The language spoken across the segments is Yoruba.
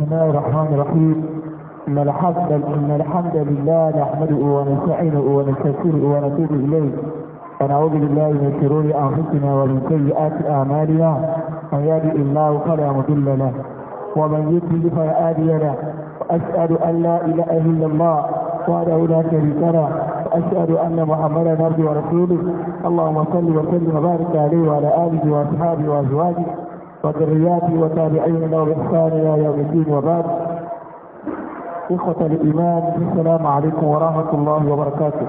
بسم الله الرحمن الرحيم إن الحمد إن الحمد لله نحمده ونستعينه ونستغفره ونتوب إليه ونعوذ بالله من شرور أنفسنا ومن سيئات أعمالنا من يهده الله فلا مضل له ومن يضلل فلا هادي له وأشهد أن لا إله إلا الله وحده لا شريك له وأشهد أن محمدا عبده ورسوله اللهم صل وسلم وبارك عليه وعلى آله وأصحابه وأزواجه وذرياته وتابعين له بإحسان إلى يوم الدين وبعد إخوة الإيمان السلام عليكم ورحمة الله وبركاته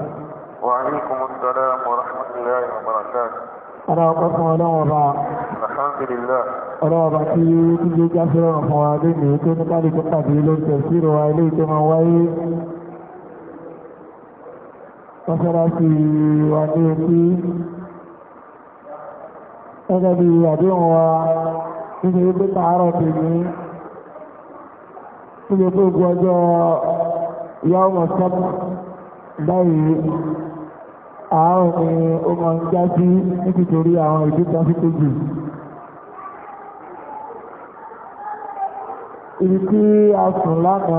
وعليكم السلام ورحمة الله وبركاته أنا أقسم له وضع الحمد لله أنا وضع في كل جاسر وموادين يكون ذلك قبيل تفسير وإليكم وإيه وسلاسي وإيه gẹ́gẹ́ bí àdéhùn wa nínú ẹgbẹ́ tààrọ̀ tè ní nínú ẹgbẹ́ ogun ọjọ́ yàwó mọ̀sán báyìí àárọ̀ ni ó mọ̀ ń já sí nítorí àwọn ìdíkan sí kejì ibi ọ̀rẹ́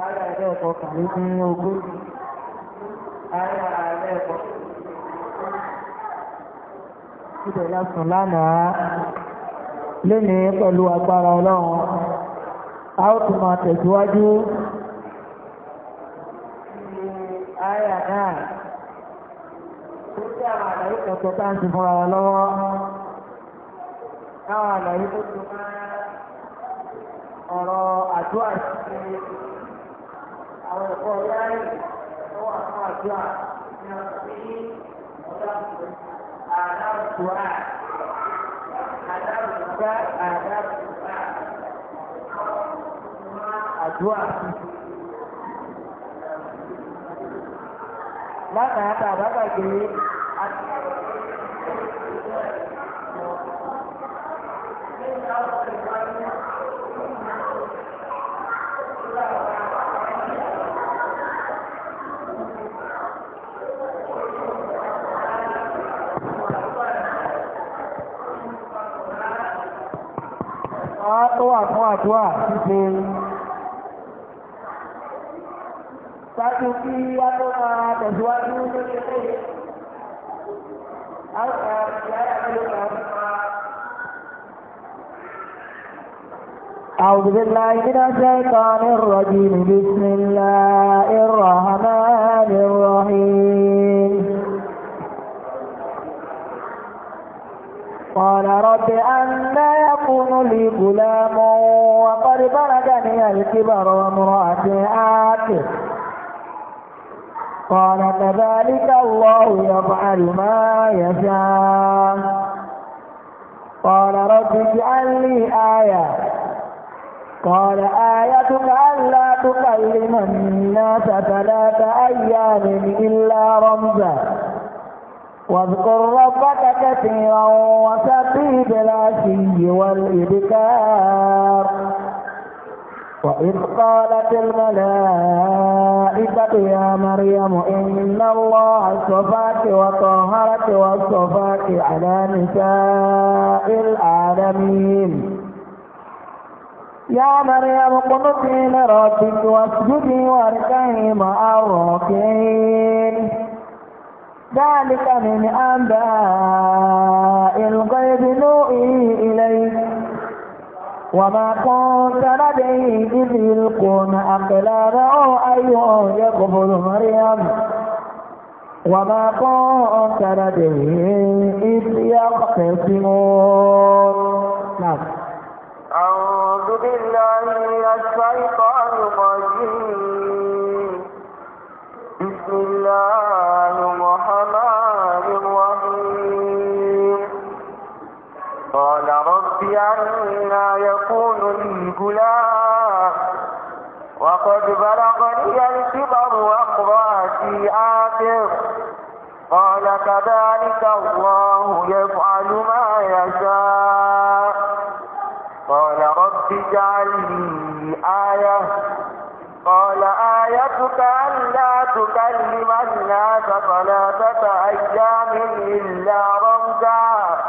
ààrẹ ẹ̀rẹ́ ọ̀kọ̀ọ̀kan ní ogójì àyà ẹ̀kọ́. Ibẹ̀ lásùn lánàá lénìí pẹ̀lú agbára ọlọ́run. A ó tún máa tẹ̀síwájú. Àyà náà. Ó jẹ́ àwọn àlàyé kẹ̀kẹ́ آداب الدعاء آداب الدعاء آداب الدعاء لا هذا بقى جديد Thank you. ó wà fún àdúrà ṣíṣe ṣáájú kí wá tó máa tẹ̀síwájú lórí أعوذ بالله من الشيطان الرجيم بسم الله الرحمن الرحيم قال رب أن يكون لي غلام وقد بلغني الكبر ومراتي آتي قال كذلك الله يفعل ما يشاء قال رب اجعل لي آية قال آيتك ألا تكلم الناس ثلاث أيام إلا رمزا واذكر ربك كثيرا وسبي بالعشي والإبكار وإذ قالت الملائكة يا مريم إن الله اصطفاك وطهرك واصطفاك على نساء العالمين يا مريم قمتي لربك واسجدي واركعي مع الراكعين ذلك من أنباء الغيب نوئي إليك وما كنت لديه إذ يلقون أقلامه أيهم يقبل مريم وما كنت لديه إذ يختصمون نعم أعوذ بالله من الشيطان الرجيم بسم الله الرحمن الرحمن الرحيم قال رب أنا يكون لي غلام وقد بلغني الكبر وامرأتي آخر قال كذلك الله يفعل ما يشاء قال رب اجعل لي آية قال آيتك ألا تكلم الناس ثلاثة أيام إلا رمزا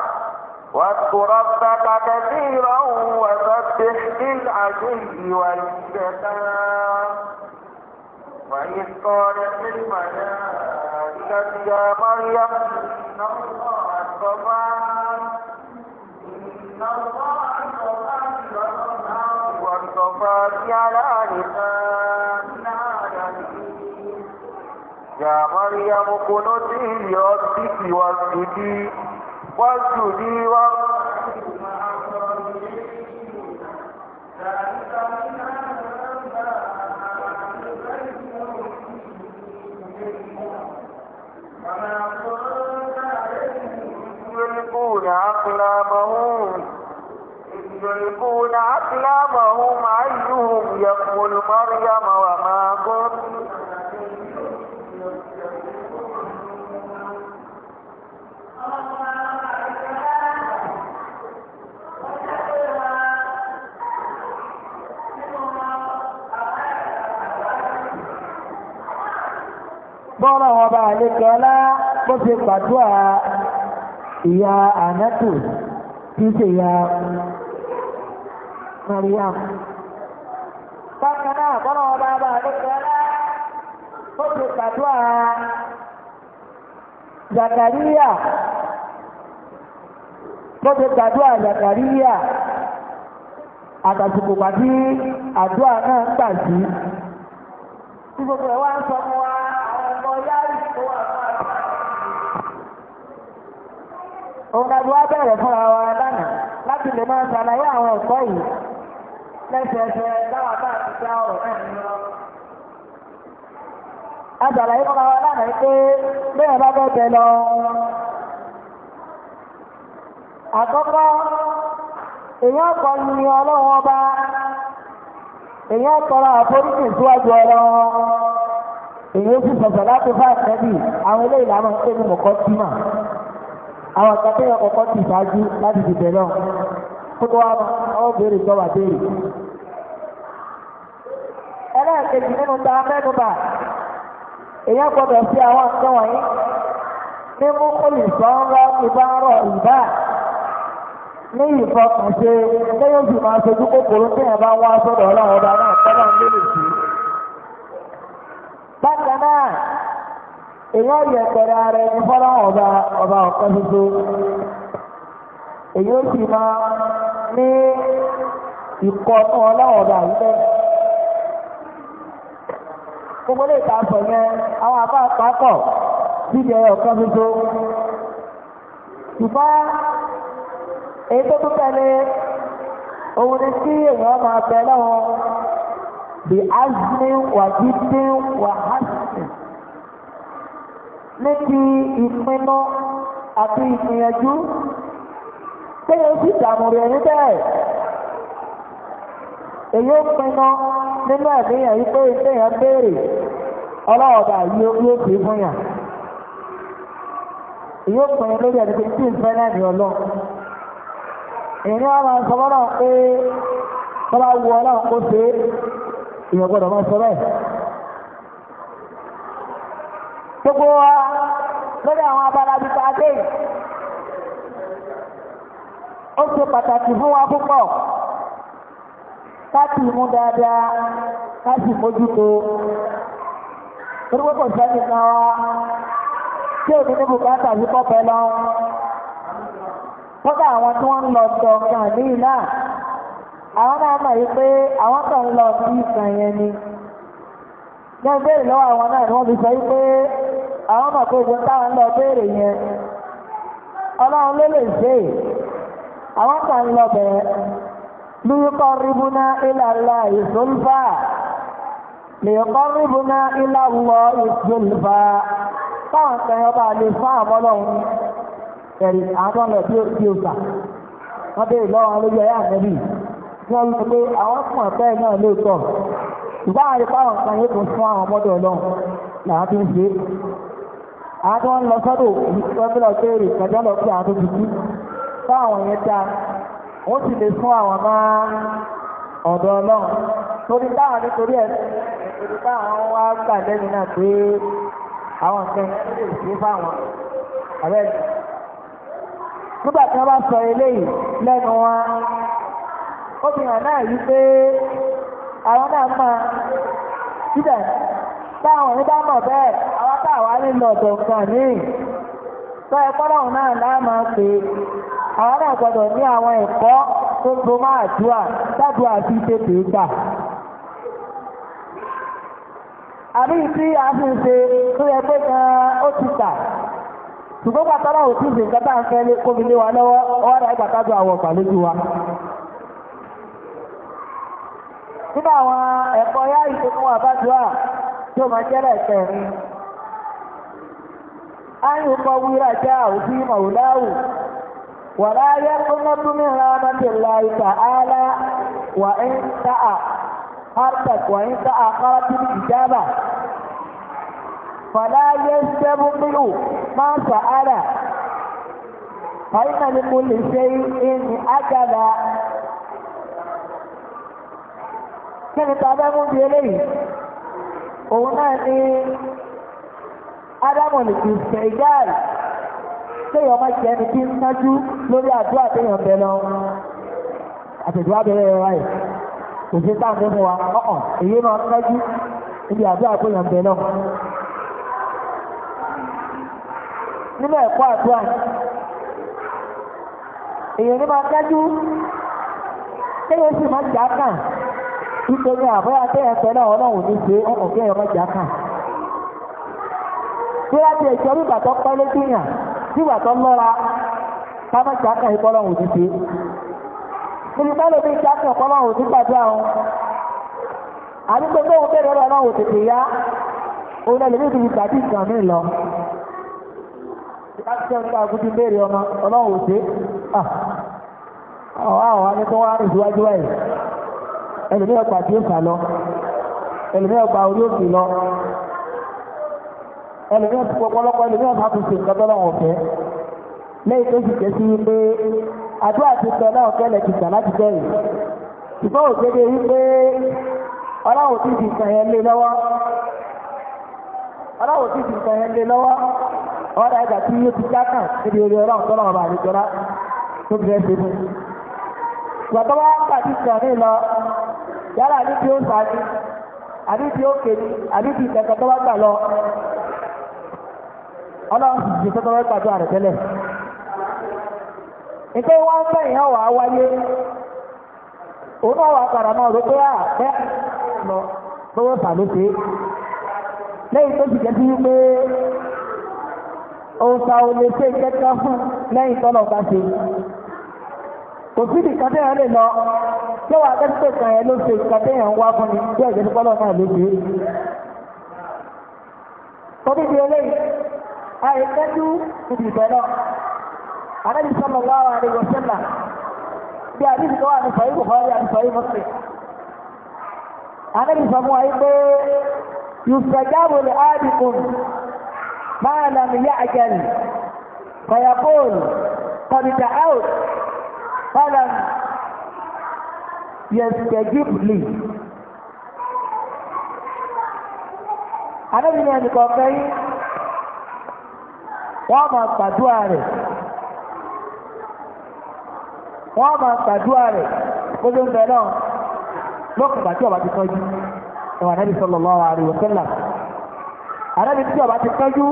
واذكر ربك كثيرا وسبح بالعشي والشتاء وإذ قالت الملائكة يا مريم إن الله اصطفاك إن الله اصطفاك الصفات على لسان العالمين يا مريم قنوتي لربك واسجدي واسجدي واركعي مع الراكعين ذلك من انباء وما كنت عليهم يلقون عقلا علمهم أيهم يقول مريم وما كنت bọ́ọ̀rọ̀ ọba àlékọ́lá bó ṣe pàdúrà ìyá ànátò tí ṣe ya مريم فكنا ضرب بعضنا فتوى زكريا فتوى زكريا àtàsìkò pàdé àdúrà náà ń gbà sí. tí gbogbo ẹ̀ wá ń sọ fún wa àwọn ọmọ yáàrì tó wà fún àgbà. òun náà bí wá bẹ̀rẹ̀ fúnra wa lánàá láti lè máa ṣàlàyé àwọn ẹ̀kọ́ yìí lẹ́sẹẹsẹ láwọn bá ti dá ọ̀rọ̀ náà nínú yìí fúnra wa lánàá pé bẹ́ẹ̀ bá bẹ́ẹ̀ bẹ lọ. Àkọ́kọ́, èèyàn kọ ni ọlọ́run ọba, èèyàn tọrọ àforíjì síwájú ọlọ́run. Èèyàn sì sọ̀sọ̀ láti fà sẹ́bì, àwọn ilé ìlànà ń pè ní mọ̀kọ́ tí Àwọn ìgbà tó kọ̀kọ́ ti ṣáájú láti dìbẹ̀ náà. kótó wa ọ béèrè sọ wà béèrè. ẹlẹ́ẹ̀kejì nínú ta mẹ́nuba èèyàn gbọ́dọ̀ sí àwọn nǹkan wọ̀nyí ní mú olùsọ ńlọ ìbárọ̀ ìbá ní ìfọkànṣe lẹ́yìn oṣù máa ṣojú kòkòrò tí yẹn wá sọ́dọ̀ ọba náà ń lè sí. bákan náà yẹ pẹ̀lú ara ẹni ọba ọba ọ̀kan ṣoṣo. èyí ó sì máa ní ìkọ́ ọmọ ọlọ́ọ̀dọ̀ àwùjọ gbogbo lè ta sọ yẹn àwọn àbá àpapọ̀ síbi ẹ̀yọ̀ kan gbogbo ṣùgbọ́n èyí tó tún tẹ̀lé òun ni tí èèyàn máa bẹ lọ́wọ́ bí azmi wà dídé wà hásì ní ti ìpinnu àti ìgbìyànjú kéèyàn sì dààmú rẹ̀ ní bẹ́ẹ̀ èyí ó pinnu nínú ẹ̀míyàn yìí pé kéèyàn béèrè ọlọ́ọ̀dà yìí ó fi fún yàn èyí ó pinnu lórí ẹ̀mí tí ìfẹ́ náà ní ọlọ́ gbogbo wa lórí àwọn abala bíi pàdé ó ṣe pàtàkì fún wa púpọ̀ káàtì mú dáadáa káàtì mójútó orúkọ sẹ́ni kan wá tí èmi ní bùkátà sí pọ́pẹ́ lọ kódà àwọn tí wọ́n ń lọ sọ kan níyì náà àwọn náà mọ̀ yìí àwọn kan ń lọ sí ìsàn yẹn ni ní ìbéèrè lọ́wọ́ àwọn náà ni wọ́n fi sọ yìí àwọn ọmọ tó gbọ́n táwọn ń lọ béèrè yẹn ọlọ́run ló lè ṣe àwọn kan lọ bẹ̀rẹ̀ lóyúkọ ríbúná ìlàlá ìsúnfà lèyọkọ ríbúná ìlàwọ ìsúnfà táwọn kẹyọ bá lè fún àmọ́lọ́hún ẹ̀rí àwọn ọ̀nà tí ó ti ó gbà wọ́n béèrè lọ́wọ́ lójú ẹ̀yà àmẹ́bí wọ́n lọ pé àwọn fún ọ̀pẹ́ náà lóòótọ́ ìgbà àrí páwọn nǹkan yóò tún fún àwọn ọmọdé ọlọ́run bá àwọn yẹn dá wọ́n sì lè fún àwọn máa ọ̀dọ̀ ọlọ́run torí báwọn nítorí ẹ̀ nítorí báwọn wá gbà lẹ́yìn náà pé àwọn nǹkan lè ṣe fáwọn abẹ́lẹ̀. nígbà tí wọ́n bá sọ eléyìí lẹ́nu wa obìnrin náà yí pé àwọn náà máa síbẹ̀ táwọn ní bá mọ̀ bẹ́ẹ̀ àwọn táwa nílò ọ̀dọ̀ nǹkan míì tọ́ ẹ pọ́nlọ́run náà láà máa pè é. àwọn a ní àwọn ẹ̀kọ́ tó tó máa a fi ń ṣe tó yẹ pé gan-an ó ti tà ṣùgbọ́n pàtàkì àwọn nke ìsìn kẹta ń fẹ́ kóbi lé wa lọ́wọ́ àwọn lójú wa nínú àwọn ẹ̀kọ́ yá máa jẹ́rẹ̀ ولا يقنط من رحمة الله تعالى وإن تأخرت وإن تأخرت الإجابة فلا يستبطئ ما سأل فإن لكل شيء أجلا kẹ́ni tó adámú di eléyìí òun náà kéèyàn má jẹ́ ẹni tí ń sájú lórí àdúrà téèyàn bẹ lọ àtẹ̀dúrà bẹ̀rẹ̀ ẹ̀rọ ẹ̀ òṣè táàmì fún wa ọ̀hàn èyí máa ń sájú níbi àdúrà téèyàn bẹ lọ. nínú ẹ̀kọ́ àdúrà èyàn ní máa dájú kéèyàn sì máa jà kàn nítorí àbúrò àtẹ̀yẹ pẹ̀lú ọlọ́run ní ṣe ọkàn kéèyàn máa jà kàn. bí láti ẹ̀jọ́ bí bàtọ́ pẹ́ lójú yàn síwà lọ́ra pápá ìṣàkà ìpọ́lọ́hùn títí níbi bí ìṣàkà ìpọ́lọ́hùn tí gbàdúrà wọn àdúgbò tó ń bẹ̀rẹ̀ ọlọ́hùn tètè yá òun lẹ́lẹ̀ bí ìbí tàbí ìgbà lọ Ìgbàgbọ́n ẹlòmíràn ti pọpọlọpọ ẹlòmíràn máa fi ṣe nǹkan lẹ́yìn tó sì ti náà kẹ́lẹ̀ ti gbà láti bẹ̀rẹ̀ ṣùgbọ́n òṣèlú wípé ọlọ́wọ́ ti fi lé lọ́wọ́ ọlọ́wọ́ ti fi nǹkan lé lọ́wọ́ ọ̀rọ̀ tí yóò ti níbi orí tọ́lọ́ ọba àdìjọra tó ọlọ́run ti jù tọ́tọ́ gbàdúrà tẹ́lẹ̀ nígbà wọn fẹ́ ìyẹn wà á wáyé òun náà wà náà ló pé lọ lọ́wọ́ lẹ́yìn tó ti ò lè ṣe fún lẹ́yìn tọ́lọ̀ bá ṣe tẹ́yàn lè lọ tí kan yẹn ló ṣe tẹ́yàn ń wá fún ẹ̀jẹ̀ àìkẹ́jú ibi ìbẹ̀ náà anábì sallallahu alaihi wa sallam bí àdìsí tó wà ní sọ̀rí Bukhari àti sọ̀rí Muslim anábì sọ fún wa yìí pé yustajabu li ahadikum ma lam ya'jal fayaqul qad da'awt falam yastajib li anábì ní ẹnì kọ̀ọ̀kan yìí wọ́n máa gbàdúrà rẹ̀ wọ́n máa gbàdúrà rẹ̀ kó ló ń bẹ náà lókùn ọba ti tọ́jú ẹ̀wọ̀n anábì anábì tí ọba ti tọ́jú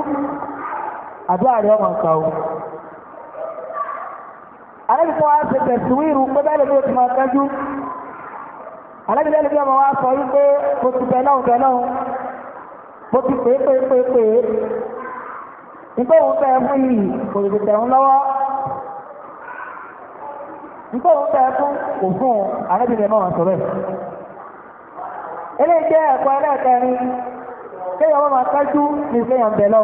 àdúrà rẹ̀ ọmọ nǹkan o anábì ṣe tẹ̀síwìrù pé bẹ́ẹ̀ lè ní oṣù máa tọ́jú anábì ti bẹ náà bẹ náà mo ti pè é pè é pè nípa òun tẹ́ fún yìí kò lè tẹ̀ lọ́wọ́ nípa òun tẹ́ fún òfin àrẹ́bìnrin náà sọ̀rọ̀ ẹ̀ ilé jẹ́ ẹ̀kọ́ ẹlẹ́ẹ̀kẹrin kéèyàn wọ́n máa kájú ní ìfẹ́yàn bẹ̀ lọ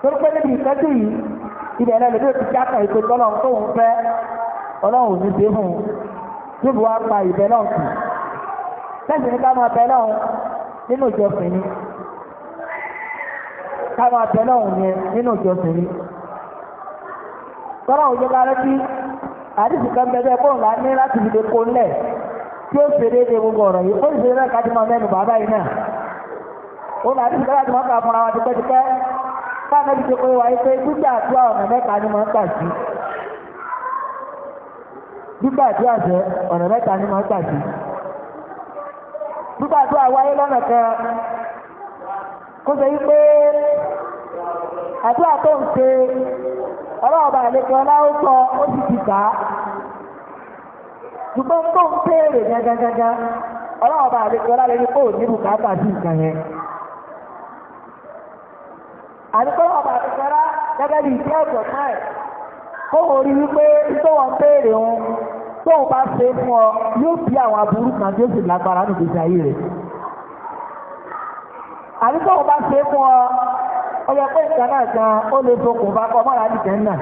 tó pé níbi ìkájú yìí ibẹ̀ náà lèdè ti jákà ìpè tọ́lọ̀ tó ń fẹ́ ọlọ́run ò ní fún un tí ìbò pa ìbẹ̀ náà kù lẹ́sìn ní ká máa bẹ̀ náà nínú ìjọsìn ká máa tẹ̀lé òun yẹn nínú ìjọsìn ni tọ́lá òun jẹ́ká rẹ́ sí àdìsí kan bẹ́ẹ̀ bóun là ní láti fi lè ńlẹ̀ tí ó ṣe déédéé gbogbo ọ̀rọ̀ yìí ó sì ṣe náà kájú máa mẹ́nu bàbá yìí náà ó àdìsí kan láti máa kà fúnra wa tipẹ́tipẹ́ káàmì ti ṣe pé wáyé pé gbígbà àdúrà ọ̀nà mẹ́ta ni máa ń gbà sí gbígbà àdúrà jẹ́ ọ̀nà mẹ́ta ni máa ń gbà sí gbígbà àdúrà wáyé lọ́nà kan kó sọ àdúrà tó ń ṣe ọlọ́ọ̀bà àlejò ọlá ó sì ti gbà á ṣùgbọ́n tó ń béèrè gangan ọlọ́ọ̀bà àlejò ọlá lè ní kó ní bùkátà sí yẹn àdúgbò ọba àlejò gẹ́gẹ́ bí ìdí náà kó o rí wípé tó wọ́n tó bá ṣe fún ọ yóò àwọn aburú kan tó sì lágbára nù àbí ọba wọn bá ṣe fún ọ ó yẹ pé ìgbà náà ó lè fokùn bá kọ mọ́ra dìjẹ́ náà.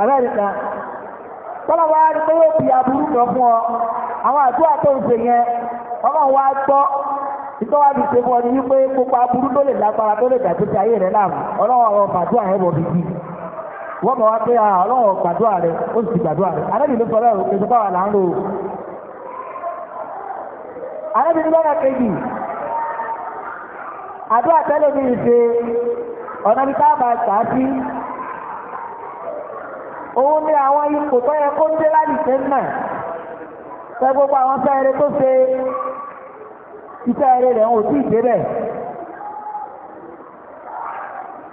Amẹ́ríkà tọ́lá wa pé fún ọ àwọn yẹn ọmọ wa gbọ́ ìtọ́wá ti ṣe fún ọ ní wípé gbogbo aburú tó lè lágbára tó lè dàgbé ayé rẹ̀ ọ̀rọ̀ wọ́n mọ̀ wá pé ah, ọlọ́wọ́ gbàdúrà rẹ̀ ó sì gbàdúrà rẹ̀ sọ arábìnrin lọ́nà kejì àdó àtẹ́lẹ̀ mi ṣe ọ̀nà bí táàbà ṣáàtì òun ní àwọn ipò tó yẹ kó ń dé lálìsẹ́ náà fẹ́ gbogbo àwọn fẹ́ẹ̀rẹ́ tó ṣe iṣẹ́ rẹ̀ rẹ̀ ń ò tí ì débẹ̀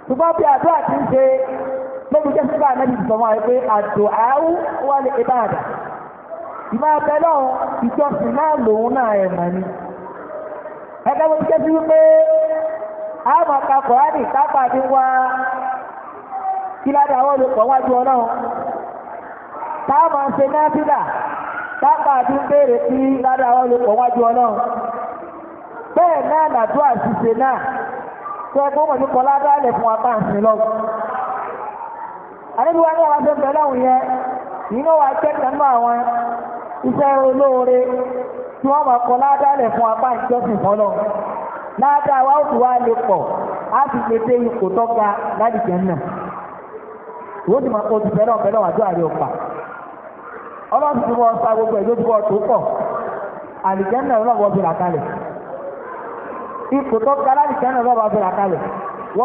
ṣùgbọ́n bí àdó àti ń ṣe lóbi jẹ́ sígbà náà ti sọ mọ́ ẹ àdó àáwú wà ní ìbáàdà máa bẹ náà ìjọsìn náà lòun náà ẹ̀ mọ̀ ni. ẹgbẹ́ mo ti jẹ́ pé a máa ka kọ̀ọ̀ránì kápá ní wá kí ládé àwọn olùkọ́ wájú ọlọ́run. tá a máa ṣe náà sídà kápá ní kí ládé àwọn olùkọ́ wájú ọlọ́run. bẹ́ẹ̀ náà náà tó ẹgbẹ́ ní kọ́lá dálẹ̀ fún àdébíwá iṣẹ́ olóore tí wọ́n máa kọ fún apá ìjọsìn fọ́lọ́ wa ó wá lè pọ̀ á lè dé ipò náà ìwọ́n ti máa kọ́ wájú ọ̀pá wọ́n sa gbogbo tí tó pọ̀ àlìjẹ́ náà lọ́wọ́ bí làkàlẹ̀ ipò tó ga náà lọ́wọ́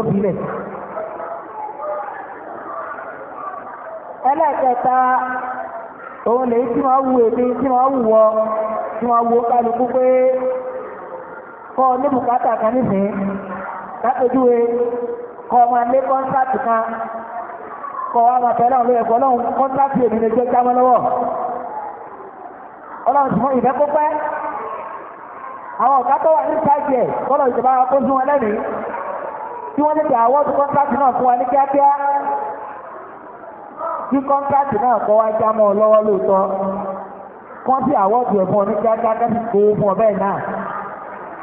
wọ́n ẹlẹ́ẹ̀kẹta òun lèyí tí wọ́n wù èmi tí wọ́n wù wọ tí wọ́n wo kálukú pé kọ́ ní bùkátà kan nísìnyí lápèjúwe kọ́ ọmọ ilé kọ́ńtàtì kan kọ́ ọmọ tẹ́lẹ̀ ọ̀lọ́ ẹ̀kọ́ ọlọ́run kọ́ńtàtì èmi lè jẹ́ jámọ́ lọ́wọ́ ọlọ́run sì mọ ìfẹ́ kó àwọn ọ̀gá tó wà ní sáìtì ẹ̀ kọ́lọ̀ ìjọba akóso wọn lẹ́nu tí wọ́n lè tẹ àwọ́ kọ́ńtàtì náà fún wa ní kíákíá kí kọ́ńtàkì náà kọ́ wá já mọ́ lọ́wọ́ lóòótọ́ kọ́ sí àwọ́dù ẹ̀fọn ní kíákíá kẹ́sì kó fún ọ náà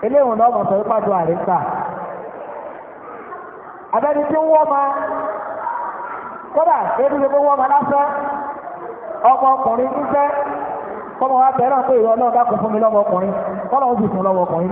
eléwọ̀n náà mọ̀ sọ àríkà abẹ́ni tí ń wọ́ ma kódà ebi ló wọ́ ma lásán ọmọ ọkùnrin níṣẹ́ kọ́mọ wa bẹ̀rẹ̀ pé ìwọ náà dákun fún mi lọ́mọ ọkùnrin ó sì fún lọ́mọ ọkùnrin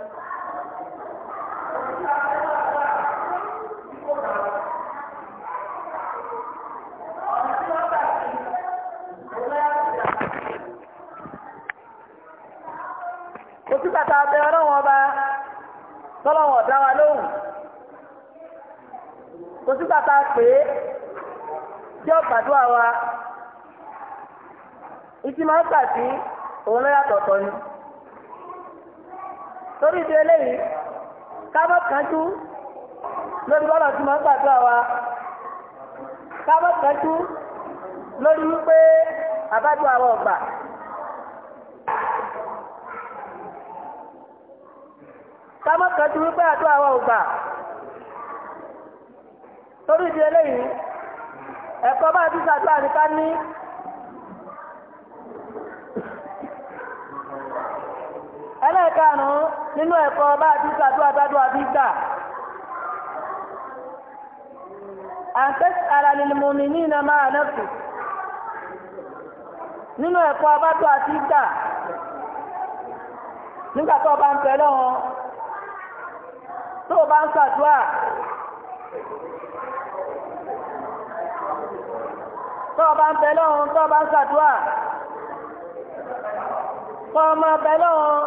sígbà tá a bẹ ọlọ́wọ́n ọba tọ́lọ́wọ́n ọ̀dá wa lóhùn kò sígbà tá a pè é jẹ́ ọ̀gbàdúrà wa ìtì máa ń gbà sí òun lọ́yà tọ̀tọ̀ ni torí ìdí eléyìí kábọ̀ kanjú lórí bọ́lá tí máa ń gbàdúrà wa kábọ̀ kanjú lórí wípé àbájọ àwọn ọ̀gbà. ká má kàn ju wípé àdúrà wa ò gbà torí ìdí eléyìí ẹ̀kọ́ bá ti ṣàdúrà ní ká ní. ẹlẹ́ẹ̀karùn-ún nínú ẹ̀kọ́ bá ti ṣàdúrà dádúrà bí gbà. àǹtẹ́sì ara lè mú mi ní ìnáma ànẹ́kù nínú ẹ̀kọ́ abádùn àti gbà nígbà bá ń pẹ́ lọ́wọ́ tó o bá ń ṣàdúrà tó o bá ń bẹ lọ́hùn tó o bá ń ṣàdúrà tó o máa bẹ lọ́hùn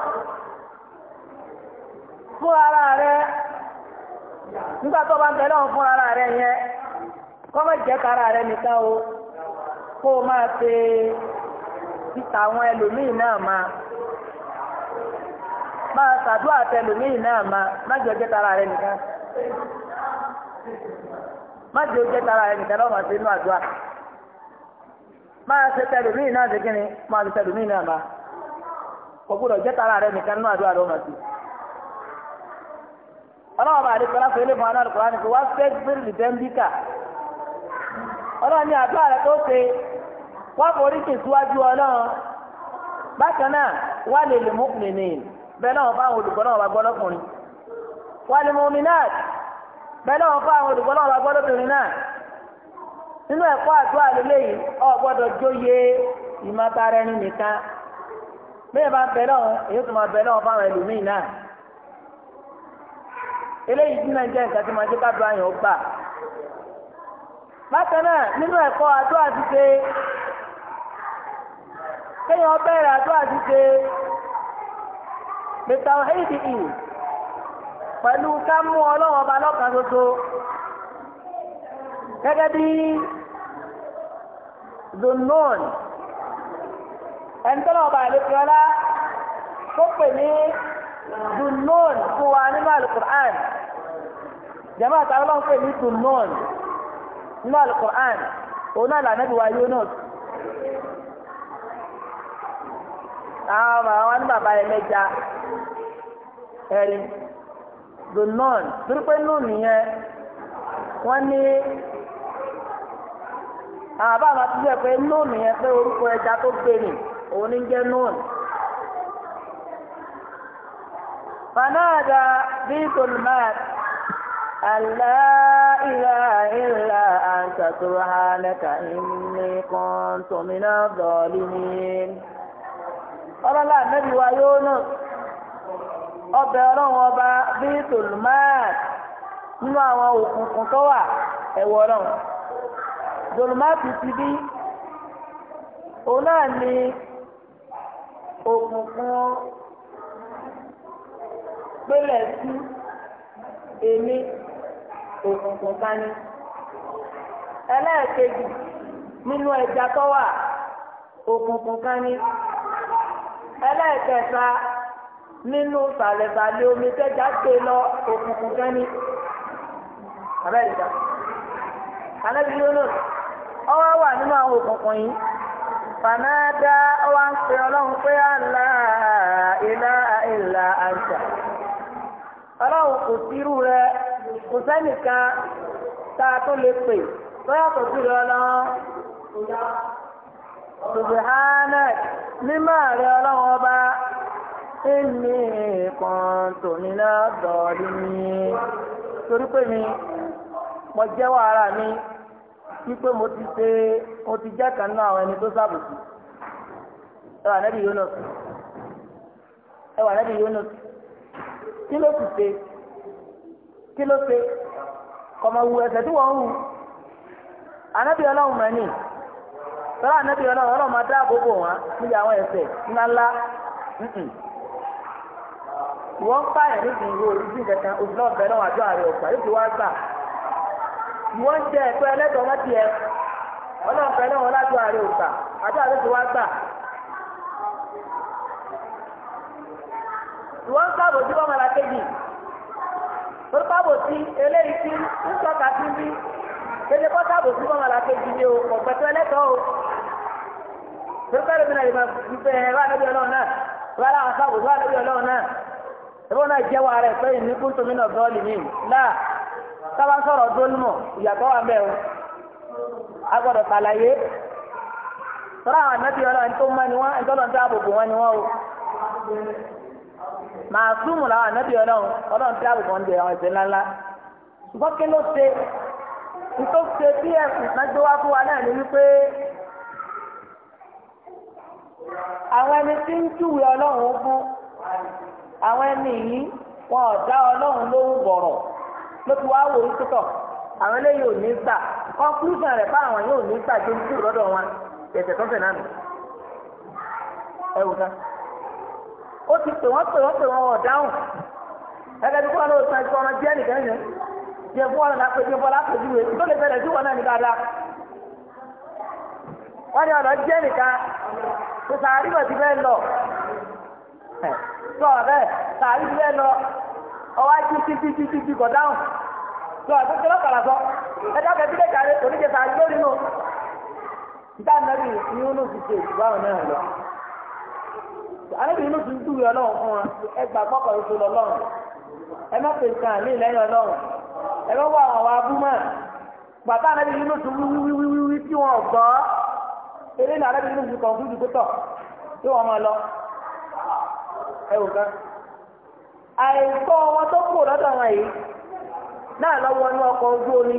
fún ara rẹ nígbà tó o bá ń bẹ lọ́hùn fún ara rẹ yẹn kọ́ mọ̀ jẹ́ kára rẹ nìkan o kó o máa ṣe títa àwọn ẹlòmíì náà máa. máa ṣàdúrà tẹlòmíì náà ma má jẹ́ ojú tara rẹ nìkan má jẹ́ ojú tara rẹ nìkan lọ́wọ́ sí inú àdúrà máa ṣe tẹlòmíì náà ṣe kíni ṣe tẹlòmíì náà ma kò gbúdọ̀ tara rẹ nìkan àdúrà lọ́wọ́ ọlọ́wọ́ bá fún ni kò wá fẹ́ gbérí ọlọ́wọ́ ni àdúrà rẹ tó ṣe wá forí kì síwájú bákan náà wá bẹ́ẹ̀ náà fáwọn olùkọ́ náà wà gbọ́ lọ́kùnrin bẹ́ẹ̀ náà fáwọn náà wà gbọ́ náà nínú ẹ̀kọ́ àdúrà lélẹ́yìn o gbọ́dọ̀ jóye ìmọ̀tara ẹni nìkan bẹ́ẹ̀ bá bẹ́ẹ̀ náà èyí tó máa bẹ́ẹ̀ náà fáwọn ẹlòmíì náà eléyìí tí náà jẹ́ nǹkan tí máa jẹ́ ká dùn àyàn gbà bákan náà nínú ẹ̀kọ́ àtúwà ti ṣe kéèyàn ti ṣe bìtàwéèdì yìí pẹ̀lú ká mú ọlọ́wọ́ ọba lọ́kàn ṣoṣo gẹ́gẹ́ bí zunnun ẹni tó lọ́wọ́ ọba àlekèọ́lá tó pè ní zunnun fún wa nínú alukur'an jẹ́mọ́ àtàwọn ọlọ́wọ́ pè ní zunnun nínú alukur'an òun náà lànà ìwà Yunus àwọn ọmọ àwọn ní bàbá yẹn mẹ́ja ẹ̀rí donon torí pé nù nìyẹn wọ́n ní àbá àwọn àti bẹ́ẹ̀ pé nù nìyẹn pé orúkọ ẹja tó gbé nì òun ní jẹ́ nùn. فنادى بيت المال أن لا إله إلا أنت سبحانك إني كنت من الظالمين ọlọ́lá ànábì wa yóò náà ọbẹ̀ ọlọ́run ọba bíi tòlùmáàt nínú àwọn òkùnkùn tó wà ẹ̀wọ̀ ọlọ́run tòlùmáàtì ti bí òun náà ni òkùnkùn gbélé sí èmi òkùnkùn kání ẹlẹ́ẹ̀kejì nínú ẹja tó wà òkùnkùn kání. ẹlẹ́ẹ̀kẹta nínú sàlẹ̀sàlẹ̀ omi tẹ́já gbé lọ òkùnkùn kẹ́ni abẹ́ ìjà yóò náà ọwọ́ wà nínú àwọn òkùnkùn yìí fànádà ọwọ́ ń pè ọlọ́run pé àlá ìlà ìlà àjà ọlọ́run kò sírú rẹ kò sẹ́nìkan tá a tó lè pè bóyá sí ọlọ́run. subhanak mímọ́ rẹ ọlọ́run ọba èmi kan tòmí náà mi torí mo ara mo ti ṣe mo ti jẹ́ àwọn ẹni tó sábùkù ẹwà kí ló ṣe kí ló tọ́lá ànábì ọlọ́run ọlọ́run máa dáàbò bò wọ́n níbi àwọn ẹ̀ṣẹ̀ ńláńlá wọ́n ń pààyàn ìwé náà wọn àjọ àrẹ ọ̀gbà yóò fi wá gbà wọ́n jẹ ẹ̀tọ́ ẹlẹ́tọ̀ọ́ mọ́tì ẹ̀ ọlọ́run bẹ̀rẹ̀ wọn lájọ àrẹ ọ̀gbà àjọ àrẹ ti wá gbà wọ́n ń sábò tí wọ́n mọ̀lá kejì tó sábò tí eléyìí tí ń sọ̀ka sí bí fẹ́rẹ́ mi náà yìí máa fi fẹ́ ẹ wá níbi ọlọ́run náà wá láwọn sábò wá níbi ọlọ́run náà ìwọ náà jẹ́wọ́ ara ẹ̀ pé ìníkú tó mí náà bọ́ọ̀lì mi náà sábà sọ̀rọ̀ dólùmọ̀ ìyàtọ̀ wà mẹ́ o a gbọ́dọ̀ ṣàlàyé tọ́lá àwọn ànábì ọlọ́run tó mọ́ ni wọ́n ìtọ́lọ́run tó àbòbò wọn ni wọ́n o màá súnmù làwọn ànábì ọlọ́run ọlọ́run tí àbùkù ń bẹ àwọn ẹ̀ṣẹ̀ ńláńlá ṣùgbọ́n kí ló ṣe tó ṣe bí ẹ̀sùn náà gbé wá fún wa àwọn ẹni tí ń júwe ọlọ́run fún àwọn ẹni yìí wọn ò dá ọlọ́run lóhùn bọ̀rọ̀ ló fi wá wò ó títọ̀ àwọn eléyìí ò ní gbà conclusion rẹ̀ bá yóò ní gbà tó ń jù lọ́dọ̀ wọn ẹ̀sẹ̀ tó ń fẹ̀ ẹ wò ó ti pè wọ́n pè wọ́n pè wọ́n dáhùn wọn náà ní dáadáa pé sàárì ti bẹ́ẹ̀ lọ sọ bẹ́ẹ̀ sàárì ti na ti eré ní arábìnrin lóṣù kan fún tọ̀ tí wọ́n máa lọ àìkọ́ wọn tó kù lọ́dọ̀ wọn yìí náà lọ́wọ́ ní ọkọ̀ ojú omi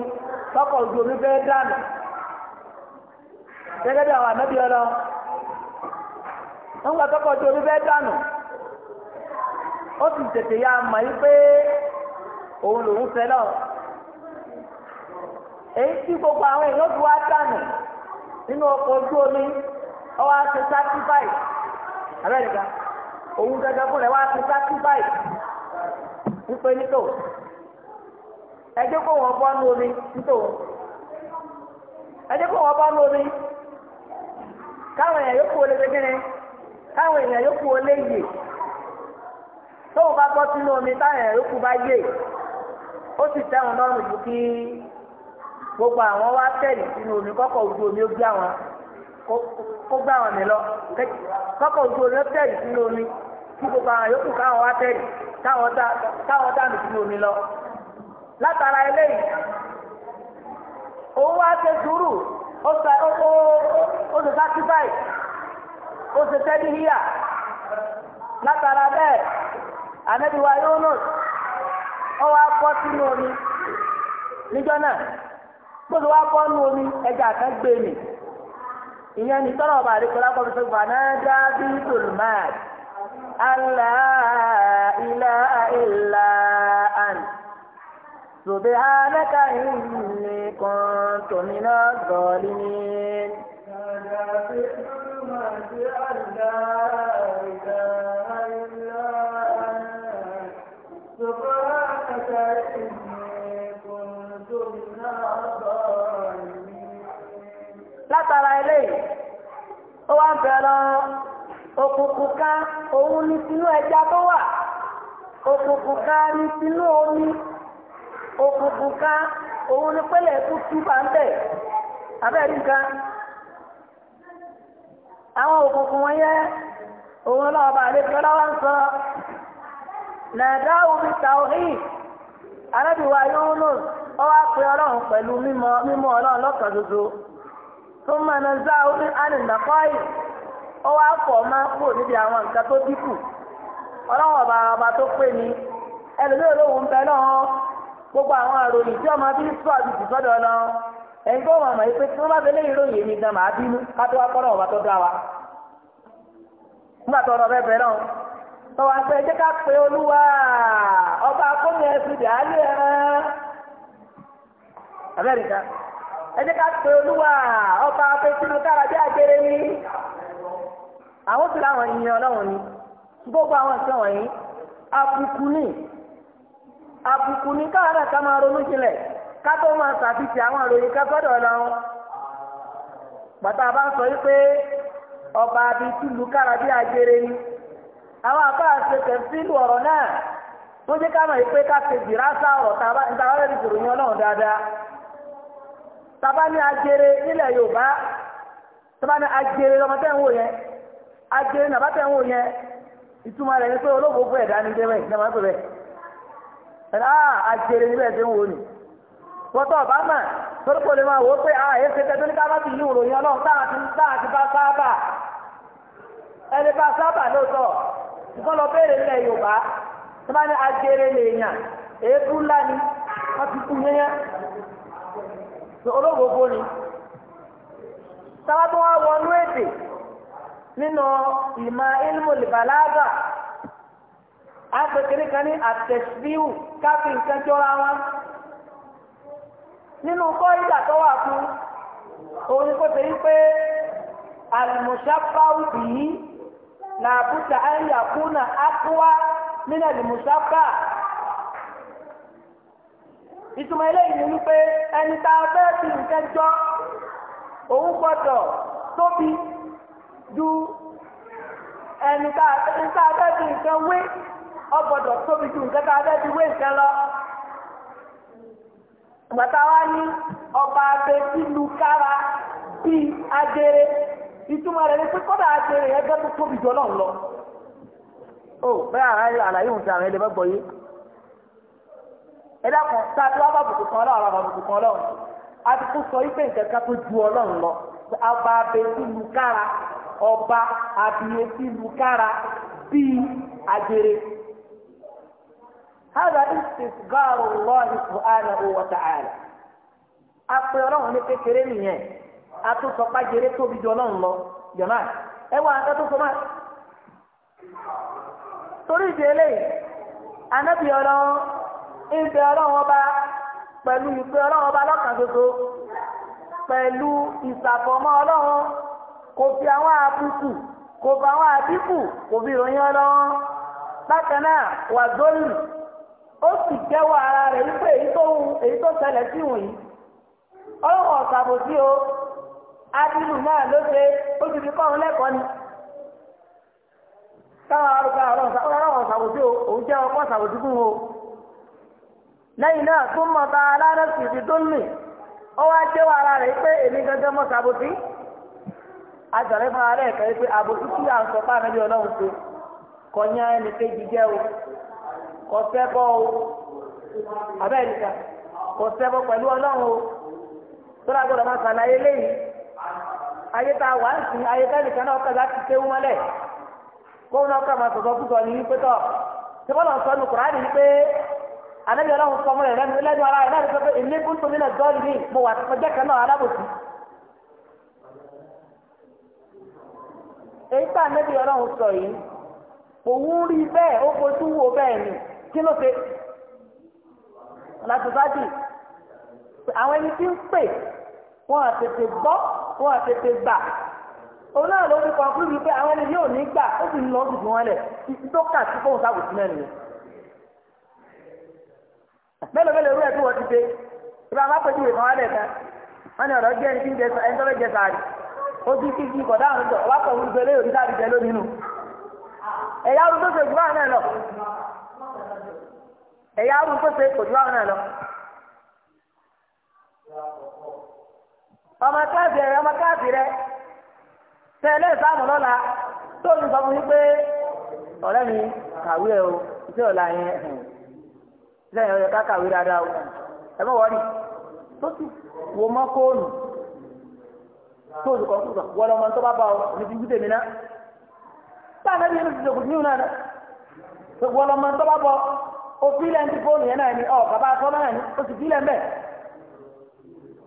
ọkọ̀ ojú omi fẹ́ dànù gẹ́gẹ́ bí àwọn ya yí pé òun lòún fẹ́ náà èyí tí gbogbo àwọn èèyàn nínú ọkọ̀ ojú omi ọwọ́ àti sáàtì báyìí òun gẹ́gẹ́ rẹ̀ wá àti sáàtì báyìí nítò ẹjẹ́ kó wọ́n bọ́ nú omi nítò ẹjẹ́ kó wọ́n bọ́ omi káwọn èèyàn olè káwọn èèyàn olè tóun bá sínú omi táwọn èèyàn bá sì gbogbo àwọn wá tẹ̀lé sínú omi kọ́kọ́ ojú omi ó gbé àwọn kó gbé àwọn mi lọ kọ́kọ́ ojú omi ó tẹ̀lé sínú omi kí gbogbo àwọn yòókù káwọn wá tẹ̀lé káwọn dànù sínú omi lọ látara eléyìí òun wá ṣe sùúrù ó ṣe sacrifice ó ṣe tẹ́lí híyà bó wá bọ́ nù omi ẹja kan gbé mi ìyẹn ní tọ́lọ̀ ọba àdékọ́ lápapọ̀ tó fà náà bí tòlùmáàd alá ilá ilá àn sòdè ànákà ìní kan tòmínà gọ́ọ̀lì ní. Nàdà bí tòlùmáàd alá ilá àn. látara eléyìí ó wá ń bẹ̀rẹ̀ òkùnkùn kan òun ní tinú ẹja tó wà òkùnkùn kan ní omi òkùnkùn kan òun ní pẹ́lẹ̀ tó túbà ń abẹ́rẹ́ nǹkan àwọn òkùnkùn wọn yẹ òun lọ́wọ́ bá àlejò lọ́wọ́ ń sọ nàdáwù bí tàwí arábìwá yóò lò ó wá tó máa na zá orí ànínà kọ́ì ó wá fọ̀ máa kúrò níbi àwọn nǹkan tó dínkù ọlọ́wọ́ ọba ọba tó pè ní ẹlòmíì olóhùn ń bẹ náà gbogbo àwọn àròyìn tí ọmọ bíi sọ àbìsí sọ́dọ̀ lọ ẹni tó wà mọ̀ yìí pé tí wọ́n bá fi léyìn èmi gan màá bínú kátó wá ọba tó dá wa nígbà tó ọba akóni ẹ jẹ́ ká ọba afẹ́sínú kára bí àjẹrẹ ni àwọn tó láwọn ènìyàn ọlọ́run ni gbogbo àwọn nǹkan wọ̀nyí àbùkù ni àbùkù ni káwọn náà ká máa ronú jinlẹ̀ ká tó máa ṣàfihàn àwọn ìròyìn kẹ́kọ̀ọ́dọ̀ ọlọ́run bàtà bá ń sọ yí ọba àbí tìlú kára bí ni àwọn àbá ọ̀rọ̀ náà tó jẹ́ ká yí pé ká ṣe jìrá sá ọ̀rọ̀ tàbá ń tàbá ní nílẹ̀ yorùbá tàbá ní lọ́mọ tẹ́ ń wò yẹn ajere nàbá tẹ́ ń wò yẹn ìtumọ̀ rẹ̀ ni pé olóògbé ẹ̀dá ní ọmọ ẹ̀dá tẹ́ ń wò ni wọ́tọ̀ ọ̀bá mà torípò lè máa wò ó pé a ah, èé ṣe tẹ́tọ́ ní ti ìròyìn ọlọ́run bá sábà ẹni bá sábà lóòótọ́ lọ béèrè nílẹ̀ olóògbogbo ni sábàtún wa wọnú èdè nínú ìmọ̀ ilmu ìbàlágà agbègbè kan ní àtẹ̀síwù káfí nǹkan jọra wọn nínú kọ́ oyi tó wà fún òun kò tẹ̀lé pé àlùmọ̀sáfáwù yìí làbúta ayé àkúnà ákúwá nínú ìtumọ̀ eléyìí ni wípé ẹni tá a fẹ́ fi nǹkan jọ òun gbọ́dọ̀ tóbi ju ẹni tá a fẹ́ fi nǹkan wé ó gbọ́dọ̀ tóbi ju nǹkan tá a fẹ́ fi wé nǹkan lọ. Bàtà wa ní ọba abẹ sílu kára bíi agere ìtumọ̀ rẹ̀ ni pé kọ́dà agere tóbi jọ náà lọ. Ó oh, bẹ́ẹ̀ àlàyé ẹ̀dá kan tá a wá bá bùkún kan ọlọ́run àbá bùkún kan ọlọ́run a sọ wípé nǹkan tó ju ọlọ́run lọ ọba abẹ́sílu kára ọba abiyesílu kára bíi àjèrè. هذا استصغار الله سبحانه وتعالى apẹ ọlọ́run ní kékeré nìyẹn tóbi ọlọ́run lọ ẹ wá sọ torí ìbẹ̀ ọlọ́run ọba pẹ̀lú ìpè ọlọ́run ọba lọ́kàn ṣoṣo pẹ̀lú ìsàfọ̀mọ́ kò fi àwọn àbùkù kò fi àwọn àdínkù kò fi bákan náà wà zólù ó sì kẹ́wọ́ ara rẹ̀ jẹ́ ọkọ̀ lẹ́yìn náà tó mọ̀ bá aláàrẹ̀ fìdí tó mì ó wá jẹ́ wà ara rẹ̀ pé èmi gẹ́gẹ́ mọ́ sàbòsí àjọ̀rẹ́ fún ara rẹ̀ pé àbòsí tí ń sọ fáwọn kọ ní jẹ́ o kọ sẹ́bọ̀ o abẹ́ nìkan kọ sẹ́bọ̀ pẹ̀lú ọlọ́run o tó lágbọ́dọ̀ máa sàlàyé léyìí ayé tá a wà ń sìn ayé tẹ́nìkan náà kọjá ti kéwú mọ́lẹ̀ kóun náà kọ́ anabi ọlọ́run sọ fún ẹ̀rọ mi lẹ́nu ara ẹ̀rọ mi pẹ́pẹ́ èmi kún tómi náà dọ́ọ̀lì mi mo wà sọjọ́ kan náà alábòsí. èyí tá anabi ọlọ́run sọ yìí òun rí bẹ́ẹ̀ ó fojú wo bẹ́ẹ̀ ni kí ló ṣe láti sáájì àwọn ẹni tí ń pè wọn àtètè gbọ́ wọn àtètè gbà òun náà ló fi kọ́ fún mi pé àwọn ẹni yóò ní gbà ó sì ń lọ sí fún wọn lẹ̀ tó kà sí fóun sábòsí náà nìyẹn. mélòó mélòó ewúrẹ́ tí wọ́n ti dé ìgbà máa pèjú ìwé kan wá lẹ̀ wọ́n ní ọ̀rọ̀ jẹ́ ẹni tí ń jẹ ẹni tó fẹ́ jẹ sàárì ó ti kọ̀ dáhùn ọba pẹ̀lú òní jẹ lónìí nù ẹ̀yà tó ṣe náà lọ ẹ̀yà tó ṣe kò náà lọ. ọmọ káàsì rẹ ọmọ káàsì rẹ ìsáàmù lẹ́yìn ọ̀yọ́ kákàwé dáadáa o ẹ mọ̀ wọ́n ni tó ti wò mọ́ fóònù tó o kọ́ kúrò wọ́n lọ́mọ tó bá bá ọ ní ti gúdèmí náà táà náà bí yẹn ti dòkú níwò náà náà wọ́n lọ́mọ tó bá bọ o fi lẹ́yìn ti fóònù yẹn náà ni ọ bàbá aṣọ náà ni o sì fi lẹ́yìn bẹ́ẹ̀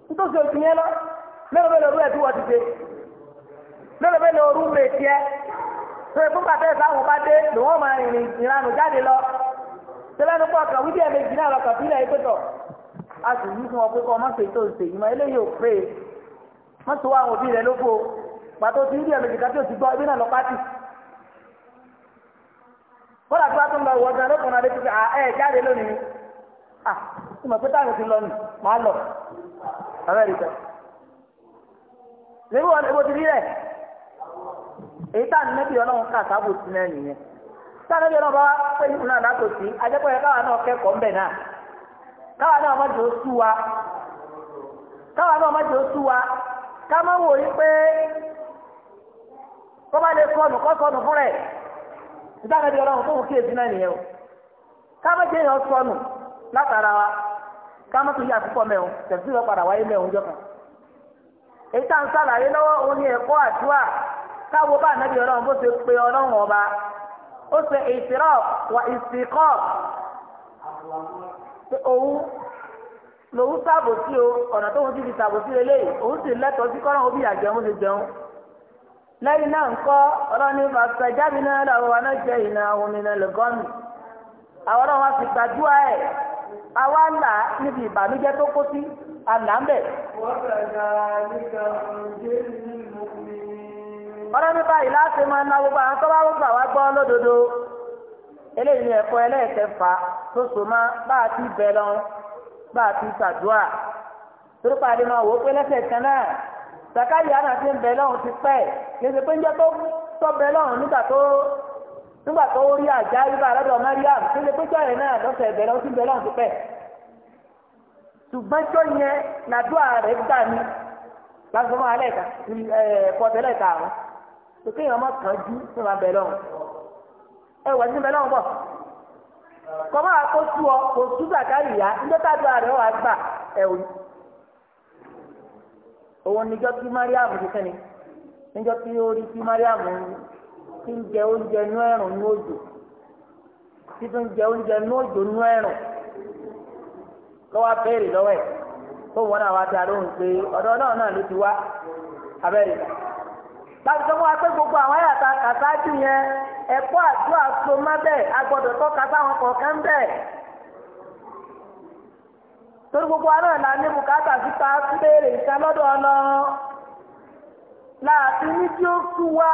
nítòsí oṣù yẹn lọ mẹ́rin mẹ́rin orú ẹ̀ tí wọ́n ti dé mẹ́rin mẹ́rin orú rẹ̀ tiẹ́ tó ẹ fún bàtẹ́ sáwọn bá dé lòun máa rìnrìn ìranù tẹ́lẹ̀ ní kó àkà wíbí ẹ̀mí jìnnà àrà kàfílẹ̀ yìí pẹ́tọ̀ a sì wí fún ọ pé ṣe tó ṣe ìmọ̀ eléyìí ò pé má sọ àwọn òbí rẹ lóko pàtó ti gbọ́ ẹbí náà lọ pátì. kọ́lá tó bá tún lọ wọ́n jáde lónìí à ìmọ̀ pé táwọn ti lọ nù lọ amẹ́ríkà. ni na ti rí rẹ̀ èyí táà ka sáànàbí ọ̀nà bá pé ìlú náà látòsí ajẹ́pọ̀ yẹ káwa náà kẹ́kọ̀ọ́ ńbẹ̀ náà káwa náà má jò sú wa káwa náà má jò sú wa ká má wò yí kó bá lè sọnù kó sọnù fún rẹ̀ èsì náà nìyẹn o ká má jẹ́ látara wa ká má yí mẹ́wọ̀n tẹ̀sí lọ padà wáyé mẹ́wọ̀n jọ kan èyí tá ó se ìfìrọ́f wà ìsìnkọ́ òun lòun sáàbò sí o ọ̀nà tóun ti fi sáàbò sí eléyìí òun sì lẹ́tọ̀ọ́ sí kọ́rọ̀ òbí àjẹmú ti jẹun lẹ́yìn náà ń kọ́ ọlọ́ni fàṣẹjáde náà làwọn wa náà jẹ ìnà òmìnira lẹ́gọ́nù àwọn náà wá fi gbàdúrà ẹ̀ àwa là níbi ìbànújẹ́ tó kó sí àlàmbẹ̀. wọ́n fẹ̀ nígbà nínú. ọ̀rọ̀ nípa ìlàsẹ̀ máa ń ná gbogbo àwọn tọ́wá gbà wá gbọ́ lódodo eléyìí ni ẹ̀kọ́ ẹlẹ́ẹ̀kẹfà tó so má bá a ti bẹ̀ lọ bá a ti ṣàdúrà torípa àdìmọ̀ àwò pé lẹ́sẹ̀ kan náà sàkáyì àná ti ń bẹ̀ lọ́hùn ti pẹ́ kì í ṣe pé ń jẹ́ tó bẹ̀ lọ́hùn nígbà tó nígbà tó rí àjá ibà lọ́dọ̀ Mariam kì í ṣe pé jọ́yẹ̀ náà lọ́sẹ̀ bẹ̀ lọ́hùn ti bẹ̀ lọ́hùn ti pẹ́ ṣùgbọ́n tó yẹn làdúrà rẹ̀ gbà ní lásìkò máa sókè yẹn ọmọ kan jú tó máa bẹ̀ lọ́wọ́ ẹ wọ̀ ní bẹ̀ lọ́wọ́ bọ̀ kọ́mọ́ àkóso ọ kò sú zakari yá níjọ́tà tó àrẹ wà gbà ẹ wò òun níjọ́ tí mariam ti sẹ́ni níjọ́ tí ó rí mariam ti ń jẹ oúnjẹ nú ẹ̀rùn nú òjò títún jẹ oúnjẹ nú òjò nú ẹ̀rùn lọ́wọ́ abẹ́rẹ́ lọ́wọ́ ẹ̀ tó wọn àdóhùn pé ọ̀dọ́ náà náà ló ti pàṣẹ fún wa gbogbo àwọn àyàtà kàṣáájú yẹn ẹ̀kọ́ àdúrà tó má bẹ́ẹ̀ agbọ́dọ̀ tó kàṣá wọn kọ̀ọ̀kan bẹ́ẹ̀ torí gbogbo àná ní béèrè lọ́dọ̀ láàfin ní tí ó wá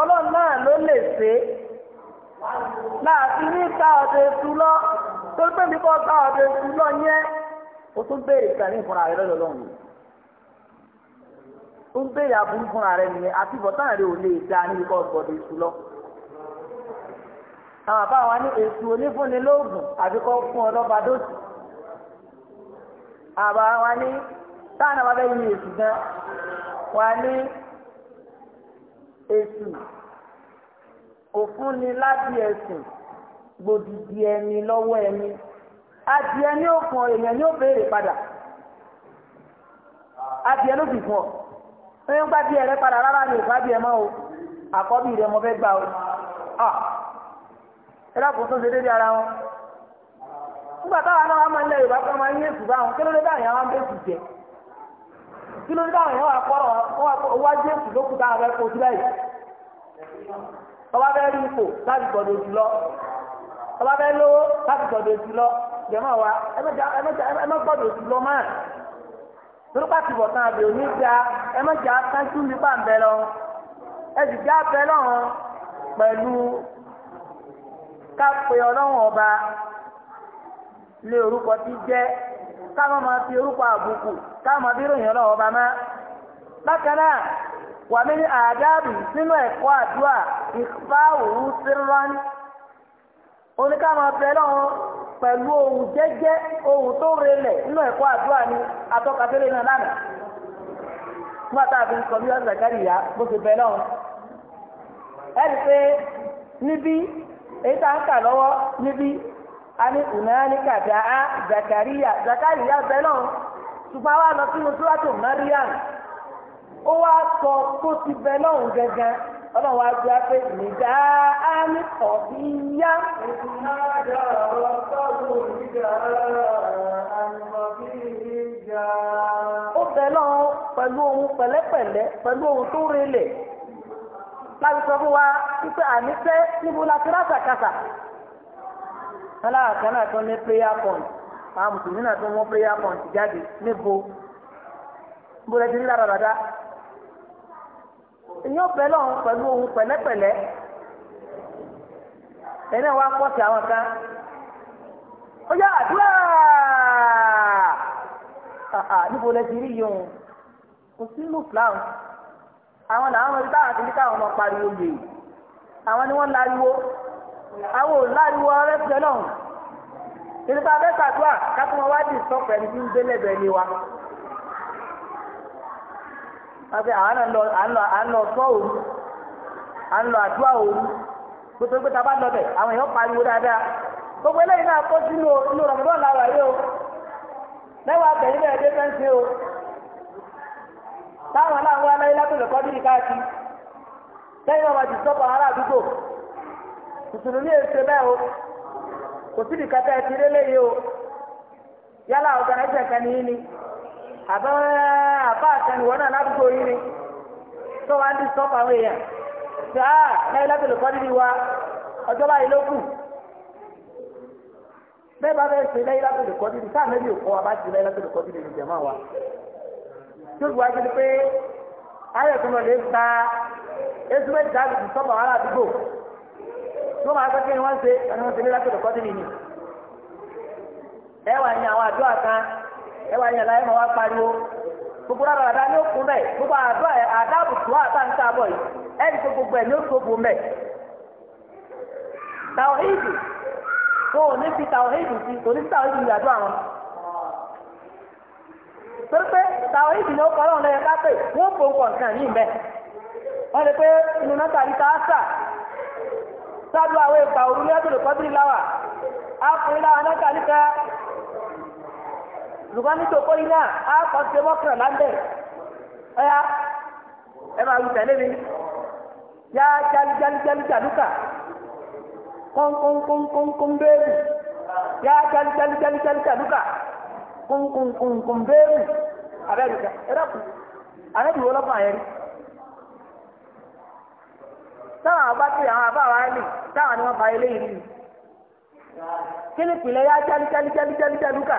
ọlọ́run náà ló lè ṣe é láàfin ní lọ torí pé ọ̀dọ̀ lọ yẹn tún béèrè lọ́dọ̀ ọlọ́run ó ń béèrè aburú fúnra rẹ nìyẹn àti bọ̀tán rẹ ò lè da níbi kọ́ gbọ́dọ̀ èṣù lọ. àwọn àbá wa ní èṣù onífúnni lóògùn àbí kọ́ fún ọ lọ́ba dóòtì. àbá wa ní táwọn àwọn abẹ́ yin èṣù gan wa ní èṣù òfúnni láti ẹ̀sìn gbòdìdì ẹni lọ́wọ́ ẹni adìẹ ní òfun èèyàn ní ó béèrè padà adìẹ ló fi fún ọ. ẹ ń gbàdí ẹrẹ padà rárá ni ìgbàdí ẹ o àkọ́bí rẹ mo fẹ́ gbà o ẹ dákun tó ṣe déédéé ara wọn nígbà táwọn náà wà máa ń lẹ yorùbá kan máa ń yé èsù báwọn kí ló dé báyìí àwọn jẹ kí ló dé báyìí wọn wọn èsù lókùn táwọn kó yìí rí ipò lọ lówó láti lọ lọ máa. torípa ti bọ̀ tán àbí òní da ẹ má jà kájú nípa ń bẹ lọ ẹ sì já bẹ lọ́hàn pẹ̀lú ká pe ọlọ́run ọba lé orúkọ tí jẹ́ káwọn máa fi orúkọ àbùkù káwọn máa fi ròyìn ọlọ́run ọba má. bákan náà wà mí ní àdáàbì nínú ẹ̀kọ́ àdúrà ìfáwòrú sírọ́n oníkàwọn bẹ lọ́hàn. pẹ̀lú ohun jẹ́jẹ́ ohun tó relẹ̀ nínú ẹ̀kọ́ àdúrà ni atọ́kasẹ́lẹ̀ náà lánàá nígbà tá a fi ń bó ṣe pé èyí tá ń kà lọ́wọ́ níbi a ní ùnáyání zakari ya zakariya ya bẹ̀ lọ́hùn ṣùgbọ́n lọ sínú mariam ó wá sọ tó ti ọlọ́run wá gbé apẹ́ ìnìjà á ní kọ̀ọ̀bí yá. ìnájà ọ̀tọ́dún ìjà àìmọ̀bí ìjà. ó bẹ náà pẹ̀lú ohun pẹ̀lẹ́pẹ̀lẹ́ pẹ̀lú ohun tó relẹ̀ láti sọ fún wa wípé àníṣe níbo la ti rásàkásà. aláàkán náà tún ní prayer point àwọn mùsùlùmí náà tún mú prayer point jáde níbo níbo lẹ rí rárá rárá èyàn bẹ lọ́run pẹ̀lú ohun pẹ̀lẹ́pẹ̀lẹ́ ẹni wa pọ̀ sí àwọn kan ó yá àdúrà níbo lẹ ti rí yìí òun kò sínú fúláwù àwọn làwọn ibi táwọn ti ní káwọn ọmọ pariwo lè àwọn ni wọ́n láriwo àwọn ò láriwo ọrẹ fẹ lọ́run nípa bẹ́ẹ̀ sàdúrà ká tún wọn wá dì sọ́pọ̀ ẹni tí ń gbé lẹ́gbẹ̀ẹ́ lé wa àti àwọn àlọ àlọ àlọ sọ òru àlọ àdúrà òru gbogbo gbogbo tàbá lọ bẹ àwọn èèyàn pariwo dáadáa gbogbo eléyìí náà kó sínú inú rọmọdún làwà yìí o mẹwàá bẹyìn bẹyẹ dé fẹǹsì o táwọn aláwọ aláyé lábẹlẹ kọ bíi káàkiri lẹ́yìn ọmọ ti sọpọ ará àdúgbò mùsùlùmí èsè bẹ́ẹ̀ o kò síbi kẹtẹ ẹ lélẹyìí o yálà ọgànà ẹsẹ kan nìyí ni. àbá àbá àtẹnuwọ náà ládùúgbò yìí ni tó wá ń dín sọ́ọ̀pù àwọn èèyàn ṣe ah, kọ́ wa ọjọ́ báyìí ló kù bẹ́ẹ̀ bá fẹ́ ṣe lẹ́yìn lábẹ́lẹ̀ kọ́ níbi sáà mẹ́bí òkọ́ wa wa tó wá jẹ́ pé ayọ̀ tó lọ lè gba ezumẹ́ ìdáàbò ti sọ́ọ̀pù àwọn àdúgbò tó máa gbé kí ni wọ́n ṣe ẹni ẹwà wá yẹn láyé máa wá pariwo gbogbo rárá rárá ni ó kún gbogbo àdó o ní fi sí àdó àwọn. torí pé ni ó kọ́ lẹ́yìn wọ́n fò nǹkan yìí mẹ́. wọ́n lè pé inú náà tàbí àwọn ìgbà òru ní ọdún á fún ṣùgbọ́n ní tòkó yìí náà á kọ́ ṣe mọ́kànlá ń bẹ̀ ọ̀yà ẹ máa wù tẹ̀lé mi yá jálíjálíjálíjálúkà kọ́ńkọ́ńkọ́ńkọ́ń bẹ́ẹ̀rù yá jálíjálíjálíjálúkà kọ́ńkọ́ńkọ́ń bẹ́ẹ̀rù abẹ́rù kẹ ẹ dàkú àrẹ́bí wo lọ́kàn yẹn rí táwọn àbá ti àwọn àbá wa ẹni táwọn ni wọ́n ba eléyìí rí kí ni ìpìlẹ̀ yá jálíjálíjálíjálúkà.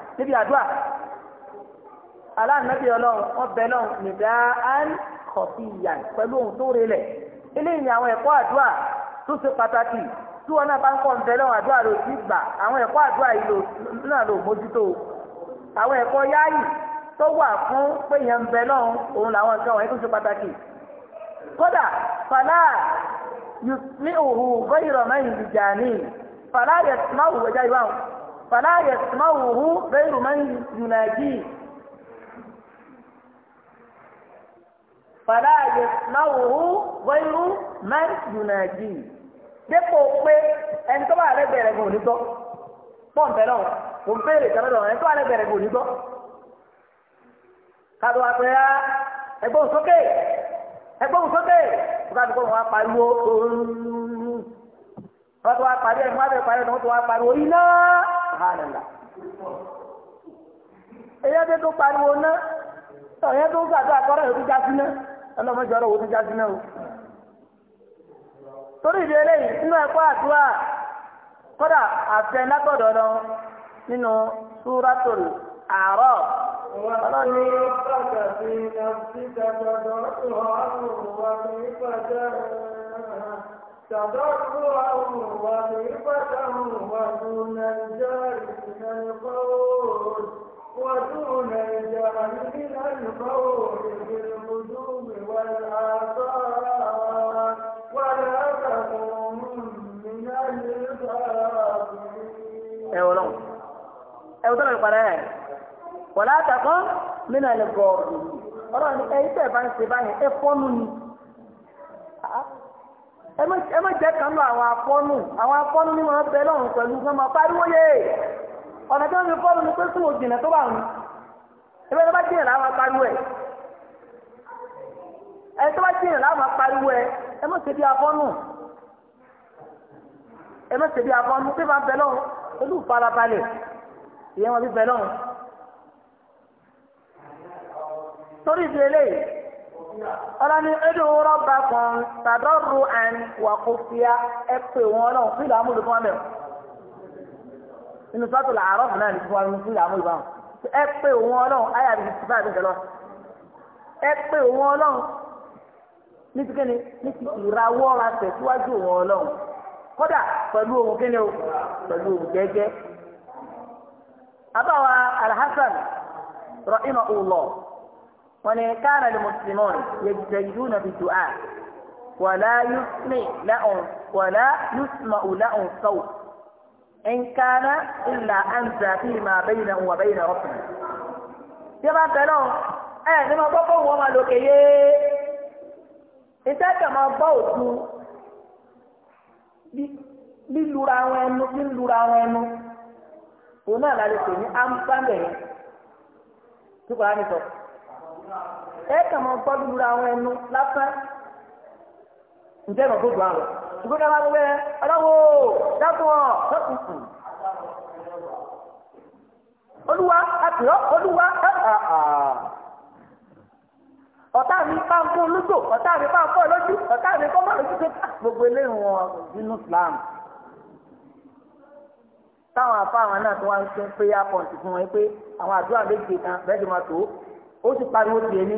níbi àdúrà aláǹdàbí ọlọ́run wọn bẹ lọ́run nìdá án kọ̀ọ̀tì ìyàn pẹ̀lú ohun tó relẹ̀ eléyìí ni àwọn ẹ̀kọ́ àdúrà tó ṣe pàtàkì tí wọn náà bá ń kọ́ ń bẹ lọ́run àdúrà ló ti gbà àwọn ẹ̀kọ́ àdúrà yìí náà ló mójútó àwọn ẹ̀kọ́ yáàyì tó wà fún pé yẹn ń bẹ lọ́run òun làwọn nǹkan wọ̀nyí tó ṣe pàtàkì kódà fàlà yusmi'uhu ghayra man yujani fàlà yasma'uhu wẹ̀já ìwà فلا يسمعه غير من يناجيه فلا يسمعه غير من يناجيه dépò pé ẹni tó bá rẹ bẹ̀rẹ̀ gùn ní gbọ́ pọ́ǹpẹ́ náà kò ń béèrè ìjọba náà ẹni tó bá rẹ bẹ̀rẹ̀ gùn ní gbọ́ kàdó àpẹẹrẹ ẹgbọ́n sókè ẹgbọ́n sókè kókàdó kó wọn á pariwo tó ń wọ́n tó wá pariwo ẹ̀ wọ́n tó wá iná. subhanallah èyẹ tó tó pariwo ná èyẹ tó gbàgbé àkọ́rẹ́ yóò tó já sí o torí ìdí eléyìí nínú ẹ̀kọ́ àdúrà kódà àfẹ́ lọ nínú súrátòlù àárọ̀ ọlọ́ni. تضرعا وخيفة ودون الجهل من القول ودون الجهل من القول بالهجوم والآثار ولا تكون من الغافلين. أيوة لهم. أيوة ترى القناة. ولا تكن من الغافلين. ọlọ́run ní ẹ̀yin tẹ̀ bá ń ṣe báyìí ẹ fọ́nù ni ẹ má jẹ́ kan lọ àwọn afọ́nù àwọn afọ́nù ni mo bẹ lọ́rùn pẹ̀lú fún ọmọ pariwo yé ọ̀nà tí wọ́n fi fọ́ọ̀nù ni pé fún òjìnà tó bá wọn ẹgbẹ́ tó bá jìnà láwọn pariwo ẹ̀ ẹ tó bá jìnà láwọn pariwo ẹ̀ ẹ má ṣe bí afọ́nù ẹ má ṣe bí afọ́nù pé máa bẹ lọ́rùn olú farabalẹ̀ ìyẹn wọn fi bẹ lọ́rùn torí ìdílé yìí. ọlọ́ni ẹ̀dùn rọ́bà kan tàdọ́rù àn wà kó fìyà ẹ náà fún fún amẹ́ nínú sọ́tò náà ní fún fún báwọn ẹ náà ayà bí ẹ náà ní ti ní ti ìrawọ́ ra tẹ̀síwájú wọn náà kódà pẹ̀lú ohun o pẹ̀lú ohun alhassan wọ́n ní káàna lè mùsùlùmọ́n yẹ̀jẹ̀ ìlú náà fi dùá wàlá yusma uláhùn sọ́wọ́ in káàna ìlà an zàfi máa bẹ́yìn náà wà bẹ́yìn náà rọ́pìn. tí a bá ń tẹ̀lé ní ma gbọ́ fóun wọn máa lòkè yé iṣẹ́ kan máa bọ́ òtún lílura àwọn ẹnu lílura àwọn ẹnu òun náà la lè pè ní ámúpáńdẹ̀ yẹn tí kò rá mi sọ̀rọ̀ ẹ kàn máa gbọ́ dúdúra àwọn ẹnu lásán ǹjẹ́ ìmọ̀ gbogbo àwọn ṣùgbọ́n ká máa gbé ọlọ́wọ́ dákun ọ̀ lọ́kùnkùn olúwa àtìrọ́ olúwa ọ̀tá mi bá ń fún olúgbò ọ̀tá mi bá ń fọ́ lójú ọ̀tá mi kọ́ mọ́ lójú tó ká gbogbo eléyìí wọn nínú Islam táwọn afáwọn náà tó wá ń sún prayer point fún wọn pé àwọn àdúrà méje kan bẹ́ẹ̀ ti máa tó ó sì pariwo tiẹ̀ ní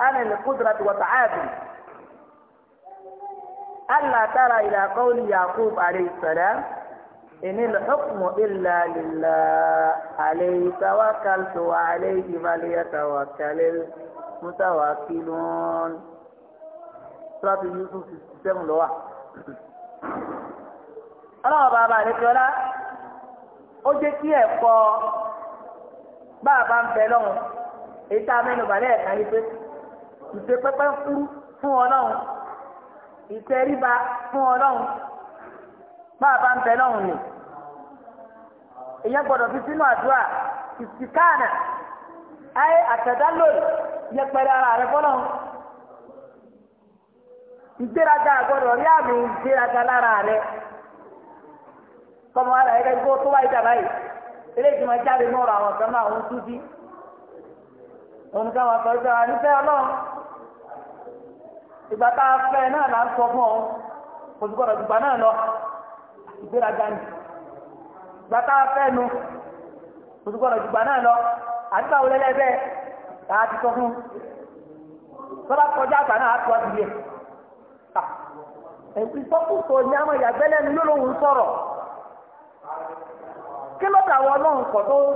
أنا القدرة وتعادل ألا ترى إلى قول يعقوب عليه السلام إن الحكم إلا لله عليه توكلت وعليه فليتوكل المتوكلون سورة يوسف 67 لو ọlọ́wọ́ bàbá àdéjọ́lá ó jẹ́ kí ẹ̀kọ́ bàbá ń bẹ lọ́hùn èyí tá a mẹ́nu bàlẹ́ ẹ̀ka yìí pé ìṣe pẹ́pẹ́ fúrú fún ọlọ́run ìtẹríba fún ọlọ́run bá a bá ń bẹ lọ́run ni èèyàn gbọ́dọ̀ fi sínú àdúrà ìsìkáànà ayé àtẹ̀dálòrì yẹpẹrẹ ara rẹ fọlọ́run ìgbéraga àgbọ̀dọ̀ rí àmì ìgbéraga lára rẹ kọ́mọ ara rẹ gbó tó wáyé dàbá yìí eléyìí máa jáde nínú ọ̀rọ̀ àwọn kan náà àwọn túbí òun ká wọn sọ ìgbà nífẹ̀ẹ́ ọlọ́run. ìgbà tá a fẹ́ náà là ń sọ fún ọ kò sí gbọ́dọ̀ ìgbà náà lọ ìgbéraga ni ìgbà tá a fẹ́ nu kò sí gbọ́dọ̀ ìgbà náà lọ àdúgbà wọlé lẹ́bẹ̀ là á ti sọ fún sọlá kọjá àgbà náà á tó àwọn ìyàgbẹ́lẹ́ ni sọ̀rọ̀ kí kọ̀ tó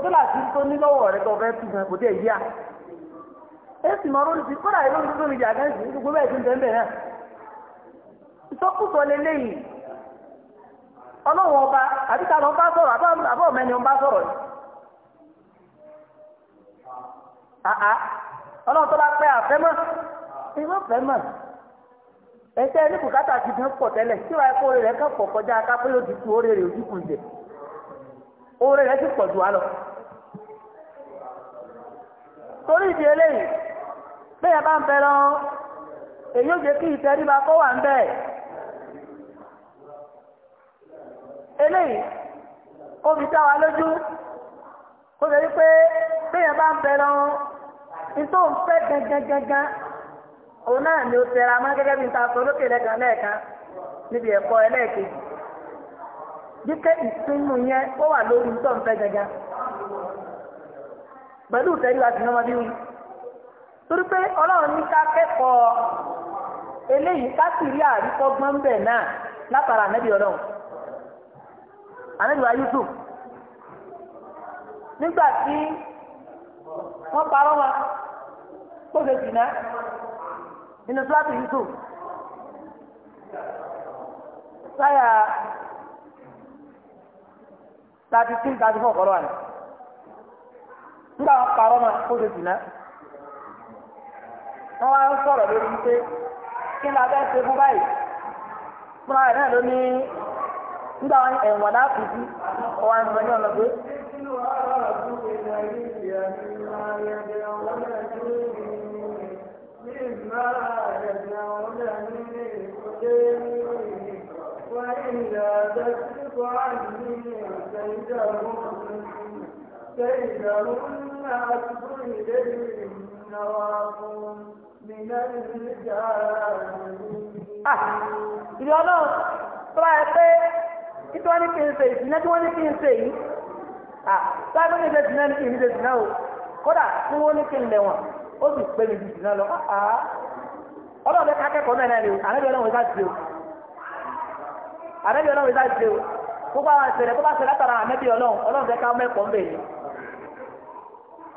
dọ́là sí tó tó fẹ́ èsì ọrụ ọ̀rọ̀ olùsí kọ́dà ìlú olùsí omi jàgá ìsìn gbogbo bẹ́ẹ̀ bẹ́ẹ̀ náà ìsọkúsọ lélẹ́yìn ọlọ́run ọba àti ta ló sọ̀rọ̀ àbọ̀ mẹ́ni ń bá sọ̀rọ̀ àá ọlọ́run tó bá pẹ́ àfẹ́ mọ́ ìwé fẹ́ mọ́ ẹ̀ṣẹ́ ní bùkátà ti fi pọ̀ tẹ́lẹ̀ tí wàá kó rẹ̀ kàn pọ̀ kọjá kápẹ́ bẹ́ẹ̀ bá ń bẹ èyí ò jẹ́ kí ìtẹríba kó wà ń bẹ̀. eléyìí wa lójú ó lè rí pé bẹ́ẹ̀ bá ń bẹ lọ nítorí fẹ́ òun náà ni ó tẹra mọ́ gẹ́gẹ́ bí n ta sọ lókè lẹ́gàn lẹ́ẹ̀kan níbi ẹ̀kọ́ ẹlẹ́ẹ̀kejì jíkẹ́ ìsinmi yẹn ó wà lórí tó ń fẹ́ gangan pẹ̀lú torí pé ọlọ́run ní ká kẹ́kọ̀ọ́ eléyìí ká sì rí bẹ̀ náà látara ànábì ọlọ́run wa Yusuf nígbà tí wọ́n parọ́ wa kó jìnnà nínú Yusuf sáyà wọ́n wá ń sọ̀rọ̀ lórí wípé kí ni abẹ́ ṣe fún báyìí fún ara náà ló ní nígbà wọn ẹ̀wọ̀n láti bí ọwọ́ ẹ̀wọ̀n ní ọ̀nà pé. كيدهن أكبر إليهن واقوم Ah, ìrìn ọlọ́run tó bá yẹ pé títí wọ́n ní kí n ṣe ìsìnná tí wọ́n ní kí n ṣe yìí láti ní ṣe ìsìnná ní kí n ṣe ìsìnná o kódà tí wọ́n ní kí n lẹ̀wọ̀n ó sì pé mi ju ìsìnná lọ ah, ah, ọlọ́run lẹ́ka akẹ́kọ̀ọ́ náà ni o àrẹ́bí ọlọ́run ìsá ti o àrẹ́bí ọlọ́run ìsá ti o gbogbo àwọn ìṣẹ̀lẹ̀ tó bá ṣẹlẹ̀ látara àmẹ́bí ọlọ́run ọlọ́run lẹ́ka mẹ́kọ̀ọ́ mbẹ̀ yìí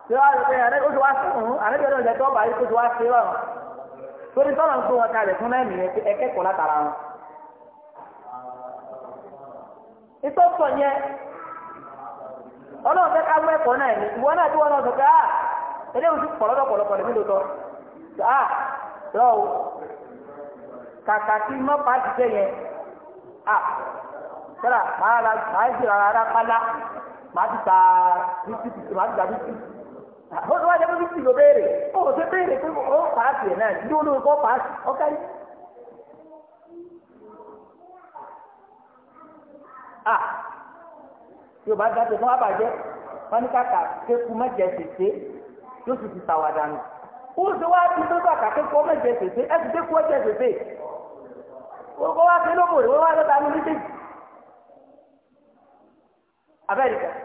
tí wàá lóye àrẹ oṣù wa sí ọ̀hún àrẹ bẹ̀rẹ̀ ọ̀jẹ̀ tó bá yìí oṣù wa sí ọ̀hún torí tọ́lọ̀ ń fún wọn kalẹ̀ fún náà ẹkẹ́kọ̀ọ́ látara wọn. ìtọ́sọ̀ yẹn ọlọ́run fẹ́ ká mú ẹ̀kọ́ náà ni ìwọ náà tí wọ́n lọ sọ pé ah eléyìí ti pọ̀ lọ́dọ̀ pọ̀lọpọ̀ lèmi lòótọ́ ah lọ o kàkà kí mọ́ pàtì tẹ̀ yẹn ah sọ́dà máa ra máa ń ṣe rárá pálá máa ti ta bísí máa ti ta bísí àwọn tó wá jẹ́ pé fífi béèrè ó ṣe béèrè pé ó pàásì náà yóò lóun kọ́ pàásì ọ̀kárí. a yóò bá dájú fún abàjẹ́ wọn kéku mẹ́jẹ tètè yóò sì ti tàwádà nù. ó ṣe wá bí tó kàkà kéku mẹ́jẹ tètè ẹ ti kéku mẹ́jẹ tètè. wọ́n wá sí lóko rẹ̀ wọ́n wá lọ́ta ní méjèèjì. abẹ́rẹ́ kẹ́kẹ́.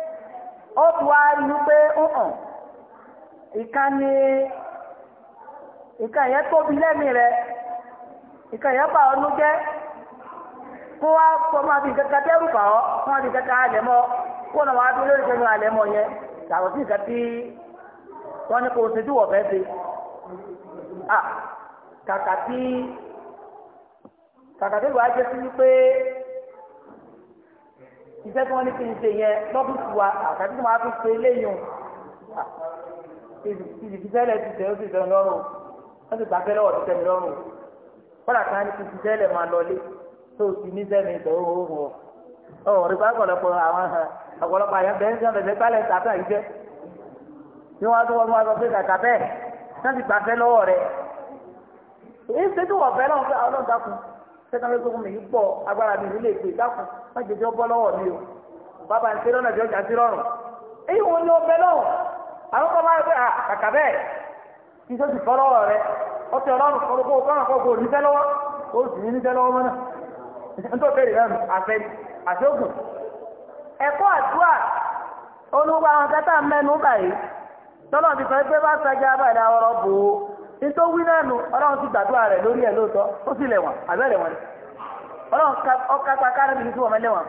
ó ti wá rí i pé hàn ni ìka yẹn tóbi lẹ́mí rẹ ìka yẹn bà ọ́ nú kó wá kó máa fi kankan dẹ́rù bà ọ́ kó máa fi kankan alẹ̀ mọ́ kó náà wá dúró lórí kankan alẹ̀ mọ́ yẹn tàbí sí nǹkan tí wọ́n ní kó o ṣe tí wọ́n fẹ́ ṣe ah, kàkà iṣẹ́ tí wọ́n ní kí n ṣe yẹn lọ́fíìsì wa àtàkì tí wọ́n á tún ṣe léyìn ìdìbìsẹ́lẹ̀ ti tẹ̀ ó sì tẹ̀ lọ́rùn wọ́n sì gbàgbé lọ́wọ́ ti tẹ̀ mí lọ́rùn kọ́lá kan ní kí ìdìbìsẹ́lẹ̀ máa lọlé tó o sì ní sẹ́mi ìtẹ̀ ó wò wọ́ ọ̀ rí pàápàá àwọn ọ̀pọ̀lọpọ̀ àyàn bẹ́ẹ̀ ń sọ bẹ̀rẹ̀ pálẹ̀ tàbí ìjẹ́ ni wọ́n á tún wọ́n sọ pé kàkà bẹ́ẹ̀ náà ti gbàgbé lọ́wọ́ rẹ̀ èyí ṣe tí wọ́n fẹ́ lọ́wọ́ sẹ́kàn fẹ́ gbogbo mi yìí agbára mi nílé ìpè dákun má jẹjọ́ bọ́ lọ́wọ́ mi o bàbá ń ṣe lọ́nà tí ọjà ti rọrùn èyí wọn ni ó bẹ náà àwọn kan máa bẹ bẹ́ẹ̀ kí sọ́sì fọ́ lọ́wọ́ rẹ ọtí ọlọ́run kọ́ kó kọ́ kó lọ́wọ́ sì ní níṣẹ́ lọ́wọ́ mọ́nà nítorí ẹ̀kọ́ àdúrà olúwa àwọn kẹta mẹ́nu báyìí tọ́lọ́ nítorí wí ọlọ́run ti gbàdúrà rẹ̀ lórí ẹ̀ lóòótọ́ ó sì lẹ̀wọ̀n àbẹ́rẹ̀ wọn ọlọ́run kápá kárẹ́bì ní tí wọ́n máa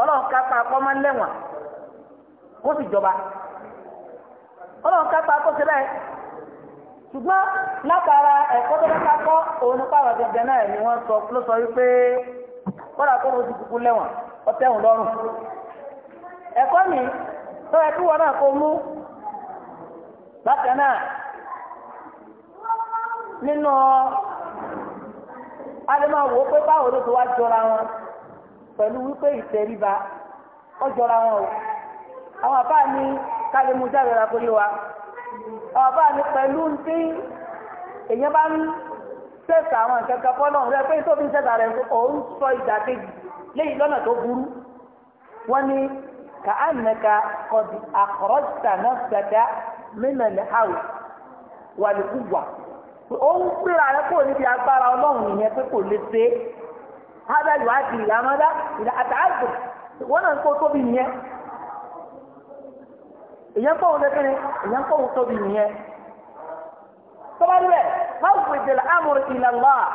ọlọ́run kápá akọ́ máa lẹ̀wọ̀n kó sì jọba ọlọ́run kápá akọ́ ṣe ṣùgbọ́n látara ẹ̀kọ́ tó kọ́ òun ní pàrọ̀ gẹ́gẹ́ náà ni wọ́n sọ ló sọ wípé kọ́dà kó o ti kúkú ẹ̀kọ́ mi tó náà kó mú nínú alẹ́mọ̀wò pé báwo ló ti wá jọra wọn pẹ̀lú wípé ìtẹríba ó jọra wọn o àwọn àbá ní kálímù jáde ra kórè wa àwọn àbá ní pẹ̀lú tí èèyàn bá ń sẹ́sà àwọn nǹkan kan rẹ pé tó fi ń sẹ́sà rẹ òun sọ ìdàkejì léyìí lọ́nà tó burú wọ́n ní ka annaka qad akhrajta nafsaka min al-hawl wal-quwwa. ó ń gbéra rẹ kó níbi agbára ọlọ́run ìyẹn pé kò lè ṣe é hábẹ́lì wá di ìyàmọ́dá ìlà wọn náà ń kó tóbi nìyẹn ìyẹn kó òun lẹ́kẹ́ni ìyẹn kó òun tóbi nìyẹn tọ́ba níbẹ̀ ìdèlè amúrú ìlà lọ́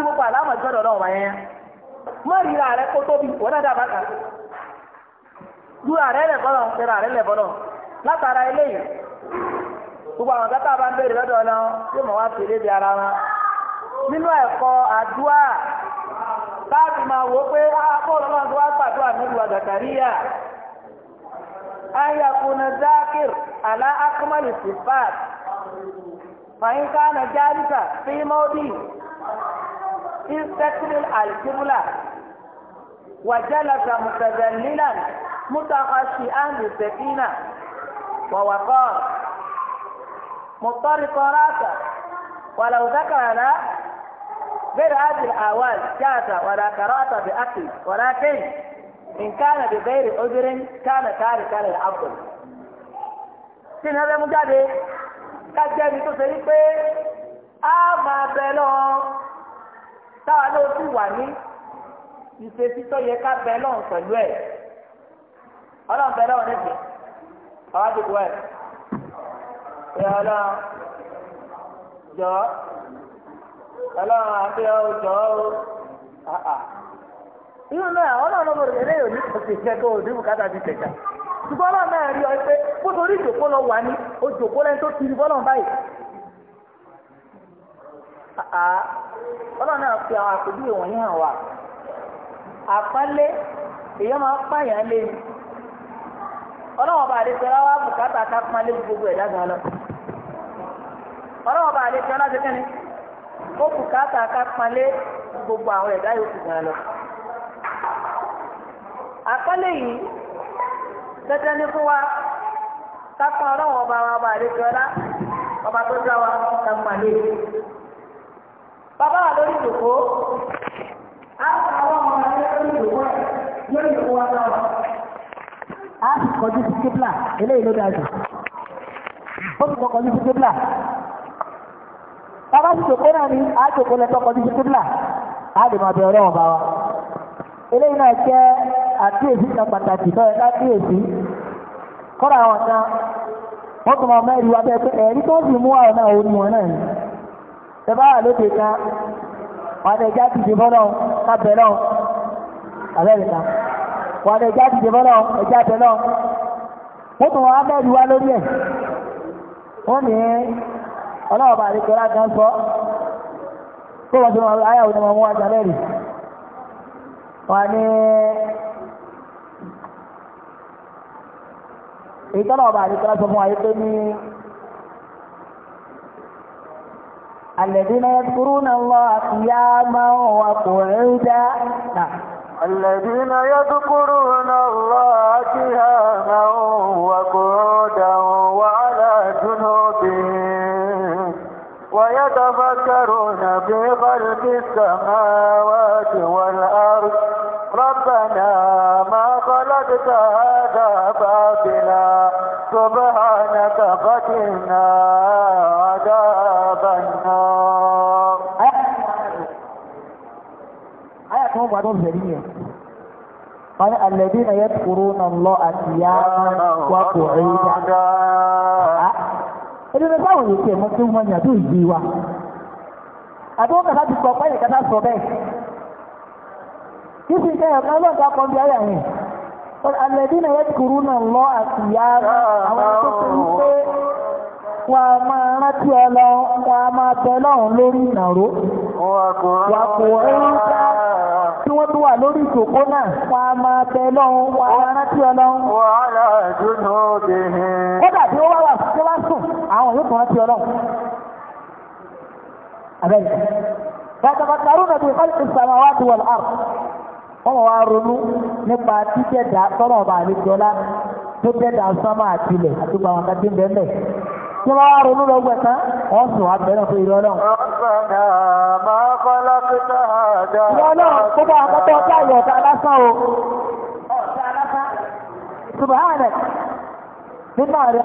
gbogbo àlámà náà wáyé rẹ kó tóbi wọn náà dábàá dúró àrẹ lẹ̀ bọ́lọ̀ ń àrẹ lẹ̀ bọ́lọ̀ látara eléyìí gbogbo àwọn kátà bá ń bèrè lọ́dọ̀ ọlọ́run yóò mọ̀ wá sí ilé di ara wọn nínú ẹ̀kọ́ àdúrà láti máa wò ó pé ah, bọ́ọ̀lù náà ti wá gbàdúrà nílùú àgàkàríyà ayakuna zakir ala akmali sifat fàyín kánà jálíkà fímọ́dì istakbil alkibula wajalasa mutazallilan mutakashi'an bisakina wa waqar مضطرق راسه ولو ذكر غير هذه الأعوال جاز ولا كراهة بأكل ولكن إن كان بغير عذر كان تاركا للأفضل. sínú ẹgbẹ́ mú jáde kájẹ́ ibi tó ṣe yí pé a máa bẹ lọ́wọ́ táwa náà sì wà ní ìṣesí tó yẹ ká bẹ lọ́wọ́ pẹ̀lú ẹ̀ ọlọ́run bẹ lọ́wọ́ níbi ọ̀rọ̀ àdúgbò ẹ̀. ẹ̀hálà jọ ọlọ́run àti ọ̀hún jọ ọ́ inú náà ọlọ́run ọmọ rẹ̀ lẹ́yìn òní kọ̀ọ̀sì ìṣẹ́gun òní bùkátà ti tẹ̀jà ṣùgbọ́n ọlọ́run náà rí ọ pé kó torí ìjòkó lọ wà ní lẹ́ni tó ti rí bọ́lọ̀ báyìí ọlọ́run náà fi àwọn àpèjúwe wọ̀nyí hàn wá èèyàn máa pààyàn lé ọlọ́wọ́n bá àlejò ọlọ́wọ́ bùkátà ká fún alẹ́ gbogbo ẹ̀dá gan lọ ọlọ́wọ́n bá àlejò ọlọ́wọ́ ṣẹ́kẹ́ ni ó bùkátà ká fún alẹ́ gbogbo àwọn ẹ̀dá yòókù gan lọ. àkọlé yìí tẹ́tẹ́ ní fún wa ká fún ọlọ́wọ́n bá wa bá àlejò ọlá ọba tó dá wa ká fún alẹ́ bàbá wa lórí ìdòkó á fún àwọn ọmọ rẹ lórí ìdòkó lórí ìdòkó wa náà á sì kọjú sí kébìlà eléyìí ló dáa jù ó sì kọjú sí kébìlà bàbá sì jòkó náà ni á jòkó lẹ́tọ́ kọjú sí kébìlà á lè máa bẹ ọlọ́run bá wa eléyìí náà jẹ́ àkíyèsí kan pàtàkì náà ẹ̀ka kíyèsí kọ́ra àwọn kan wọ́n tún máa mẹ́rin wa bẹ́ẹ̀ pé ẹ̀rí tó sì mú àwọn náà ó ní wọn náà ni ẹ bá wà lóde kan wọn àti ẹja ti dè náà ká bẹ̀ náà àbẹ́rẹ̀ kan. wà ní ẹja dìde mọ́ ẹja tẹ náà wọ́n tún wọn abẹ́ẹ̀lú wa lórí ẹ̀ wọ́n ní ọlọ́wọ́ bá gan sọ tó wọ́n ti wọn ayáwó ni wọ́n mú wájà lẹ́rìí wọ́n ní ìtọ́nà ọba sọ fún wa yìí pé ní الذين يذكرون الله قياما وقعودا وعلى جنوبهم ويتفكرون في خلق السماوات والأرض ربنا ما خلقت هذا باطلا سبحانك فقنا عذاب النار wọ́n ní alladhina yadhkuruna Allaha qiyaman wa qu'udan. Ẹdínwó báwo yìí tiẹ̀ mọ́ tí wọ́n yàn tó yìí wa. Àdúgbò kàtà ti sọ báyìí kàtà sọ bẹ́ẹ̀. Kí sì ń kan lọ́ọ̀dà kan bí ayà yẹn. Alladhina yadhkuruna Allaha qiyaman àwọn tó ń pé Wa máa rántí ọlọ wọ́n a máa bẹ lórí ìnàró wà kò ẹ̀yìn ká tí wọ́n wà lórí ìjòkó náà wọ́n Wa máa kódà tí ó wá wà àwọn yóò rántí abẹ́rẹ́ àrùn wọ́n wá ronú nípa ọba àlejò tó sọ́mà àtìlẹ̀ àti gbàwọn tí wọ́n á ronú lọ gbẹ̀ tán wọ́n sùn abẹ́rẹ́ fún ìrọ̀ náà. ọ̀sánà máa kọ́lá kíkà àjà. ìrọ̀ náà kó bá àkọ́tọ̀ ọ̀tá ìwọ̀ ọ̀tá lásán o. ọ̀tá lásán. subahana nínú ààrẹ.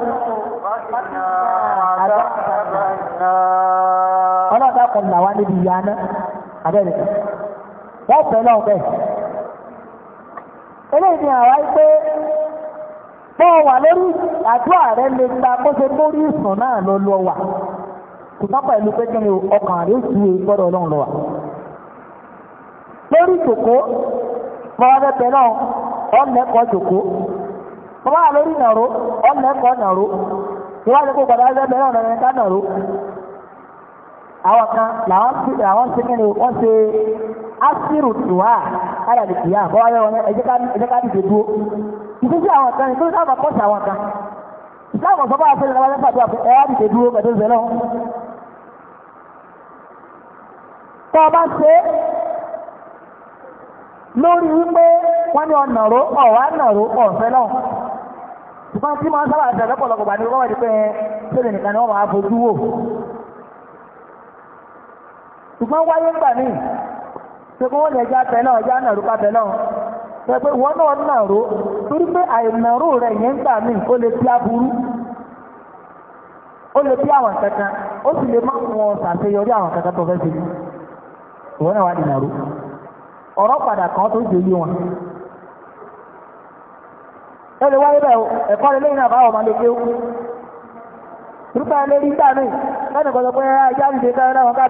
ọlọ́dà kan làwọn níbi ìyá náà abẹ́rẹ́ wọ́n fẹ́ lọ́wọ́ bẹ́ẹ̀. eléyìí ni àwa pé bọ́ ọ lórí àdúrà ààrẹ lè gba bó ṣe mórí ìsùn náà lọ wà ṣùgbọ́n pẹ̀lú pé kí ni ọkàn rẹ lọ wà. lórí ìjòkó mọ́wádẹ́tẹ̀ náà ọ̀nẹ́kọ̀ọ́ jòkó ìnàró ìwádìí ẹgbẹ́ lọ́nà àwọn kan làwọn ti kí ni wọ́n ṣe asiru tuwa alàlìkìyà bọ́wá yẹ wọn ẹjẹ́ ká dìde dúró ìfúnṣẹ́ àwọn kan ìfúnṣẹ́ sábà kọ́ṣẹ́ àwọn kan ìfúnṣẹ́ àwọn na àfẹ́ ìlànà wáyé pàdé àfẹ́ ẹ̀yà dìde dúró pẹ̀lú ìfẹ́ náà. tọ́ ọ lórí wípé nàró náà máa sábà pé nìkan ni máa fojú wò wáyé gbà pẹ̀kọ́ wọ́n lè já bẹ̀ a já nàró ká bẹ̀ náà pẹ̀pẹ́ wọ́n náà nàró torí pé àìnàró rẹ̀ yẹn ń gbà mí ó lè fi aburú ó lè fi àwọn kankan ó sì lè má wọn ṣàṣeyọrí àwọn kankan tó fẹ́ ṣe ìwọ́n náà wà ní nàró ọ̀rọ̀ padà kan tó jẹ́ yé wọn ẹlẹ́ wáyé bẹ̀ ẹ̀kọ́ rẹ̀ lẹ́yìn àbáwọ̀ máa lè ké ó rúpa ẹlẹ́rí gbà mí lẹ́nu kọ̀ọ̀kan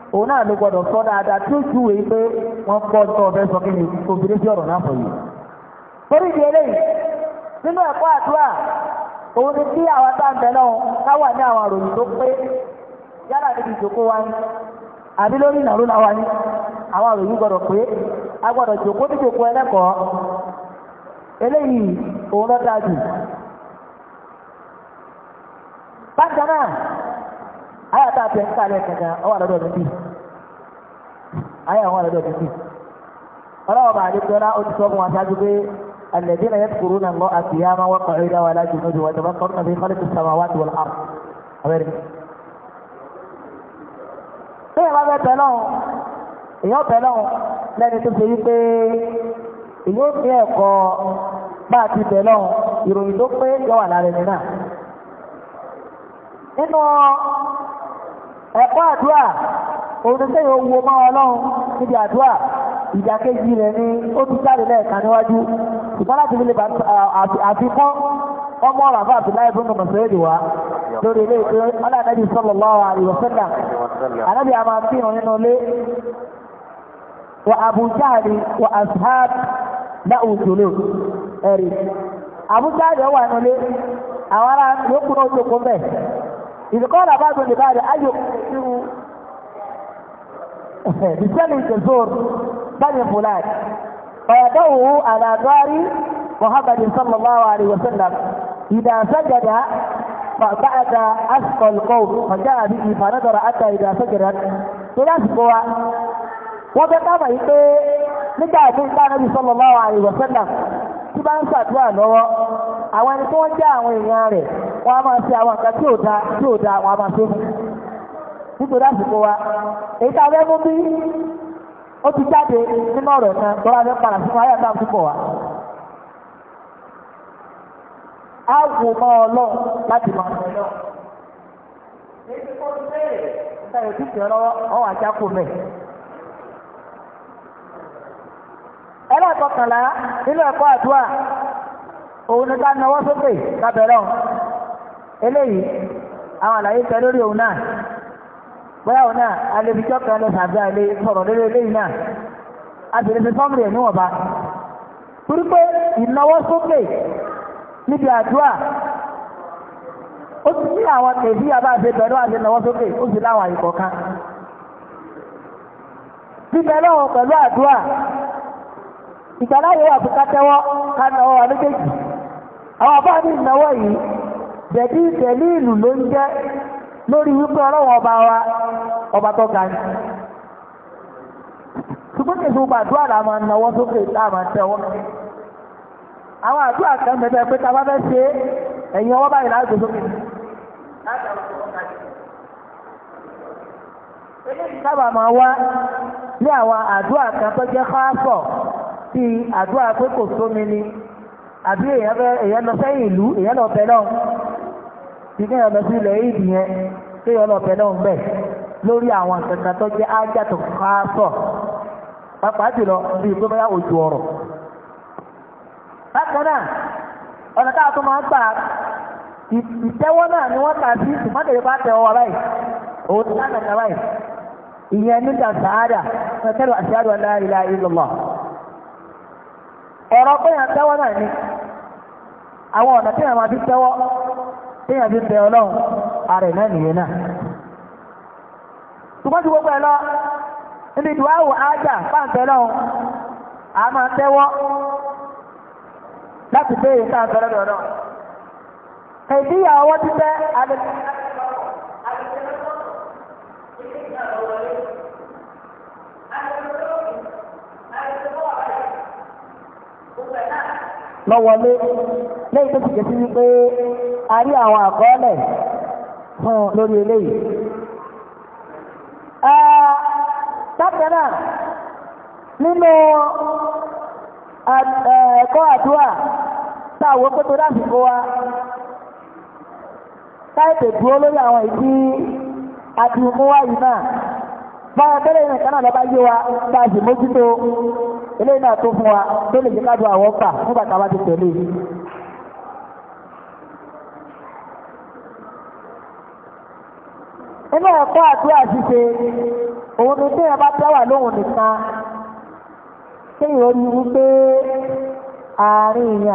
òun náà ló gbọdọ̀ sọ dáadáa tí ó júwe pé wọ́n gbọ́ tó ọbẹ̀ sọ kí ni obìnrin sí ọ̀rọ̀ eléyìí nínú ẹ̀kọ́ àdúrà òun ni kí àwọn tá à ń bẹ náà ká ní àwọn àròyìn tó pé yálà níbi ìjókòó wa ni àbí lórí ìnáwó ni àwọn àròyìn gbọdọ̀ pé a gbọdọ̀ jòkó ní jòkó ẹlẹ́kọ̀ọ́ eléyìí òun lọ́ dáa jù. àyà tá a tẹ̀ ń kálẹ̀ kankan ọwọ́ àlọ́dọ̀ mi bì àyà àwọn àlọ́dọ̀ mi bì ọlọ́wọ́ bá àdéjọ́ náà ó ti sọ fún wa ṣáájú pé الذين يذكرون الله قياما وقعودا ولا جنودا ويتفكرون في خلق السماوات والارض. أبيرك. bí ẹ bá fẹ́ bẹ̀ lọ́hùn èèyàn bẹ̀ lọ́hùn lẹ́ni tó ṣe wípé èèyàn ní ẹ̀kọ́ bá a ti bẹ̀ lọ́hùn ìròyìn tó pé yọ wà lára ẹni náà. nínú ẹ̀kọ́ àdúrà òun owó mọ́ ọlọ́run níbi àdúrà ìdàkejì rẹ̀ ni ó ti jáde lẹ́ẹ̀kan níwájú ṣùgbọ́n láti fi lè bá àfikún ọmọ ọrụ àfáà àti láìpẹ́ ọmọ mọ̀sẹ̀rẹ́dì wa lórí ilé ìpé ọlọ́àdájú sallallahu alaihi wasallam anábì àmà tí bi nínú ilé wa Abu Jahl wa ashab láwùjọ́lò wà nílé àwọn ará yókù náà bẹ́ẹ̀ إذ قال بعض لبعض أي يقصر بسنة الزور بني فلان فيدعوه على دار محمد صلى الله عليه وسلم إذا سجد فبعد أسقى القوم فجاء به فنظر حتى إذا سجدت تناسبوا وبقام إيه نجا به النبي صلى الله عليه وسلم تبان ساتوا àwọn ẹni tó ń jẹ́ àwọn èèyàn rẹ̀ wọ́n a máa ṣe àwọn nǹkan tí ò da tí ò da wọ́n á máa ṣe fún wa èyí tá a fẹ́ mú bí ó ti jáde nínú ọ̀rọ̀ kan tó wá fẹ́ padà sínú ayé wa. wò mọ́ láti náà. èyí kò tún bẹ́ẹ̀ lọ́wọ́ àti òun ni ká nawọ́ sókè ọ̀hún eléyìí àwọn àlàyé tẹ lórí òun náà bóyá òun náà alẹ́bíjọ́ kan lọ sàbí àlẹ́ sọ̀rọ̀ lórí eléyìí náà a sì lè fi fọ́ọ̀mù rẹ̀ níwọ̀nba torí pé ìnáwó sókè níbi àdúrà ó ti àwọn àti sókè ó sì láwọn bíbẹ̀ lọ́wọ́ pẹ̀lú àdúrà àwọn àbá ní ìnáwó yìí jẹ̀dí ìtẹ̀lé ìlú ló ń jẹ́ lórí wípé ọlọ́wọ́ ọba wa ọba tó ga ni ṣùgbọ́n kí ìṣòwò àdúrà là máa náwó sókè tá a máa tẹ́wọ́ àwọn àdúrà kan bẹ̀rẹ̀ pé tá a bá fẹ́ ṣe ẹ̀yìn ọwọ́ báyìí láti gbèsò sábà máa wá ní àwọn àdúrà kan tó jẹ́ káàsọ̀ bíi àdúrà pé kò sómi ni. àbí èèyàn fẹ́ èèyàn lọ sẹ́yìn ìlú èèyàn lọ bẹ̀ náà ti sí ilẹ̀ èdè yẹn lọ bẹ̀ náà bẹ̀ lórí àwọn kankan tó jẹ́ ájá tó pàápàá jùlọ bí ìgbé ọ̀rọ̀. bákan náà ọ̀nà káà tó máa gbà ìtẹ́wọ́ náà ni wọ́n sí bá ọwọ́ báyìí òun ti báyìí ìyẹn nígbà sàádà ọ̀rọ̀ pé náà ni àwọn ọ̀nà tí fi abíṣẹ́wọ́ tí àwọn abíṣẹ́ ọlọ́run ààrẹ náà nìyẹn náà ṣùgbọ́n tí gbogbo ẹ̀ lọ níbi ìdùwà ájà a máa tẹ́wọ́ láti béèrè fáǹfẹ́ lọ́dọ̀ náà ìyàwó ti tẹ́ Thank lọ́wọ́lé lẹ́yìn tó ti jẹ́ sí wípé a rí àwọn àkọọ́lẹ̀ fún lórí eléyìí. bákan náà nínú ẹ̀kọ́ àdúrà táwọn kótó lásìkò wa táìpẹ̀ dúró lórí àwọn ìdí àti ìmúwáyìí náà báwọn tẹ́lẹ̀ ìrìnkánná lọ́ba yé wa tá a sì mójútó eléyìí náà tó fún wa tó lè jẹ́ kájú àwọn gbà nígbà tá ti tẹ̀lé. inú ẹ̀kọ́ òun ni tí ẹ bá lóhùn nìkan tí ìwé ni wípé àárín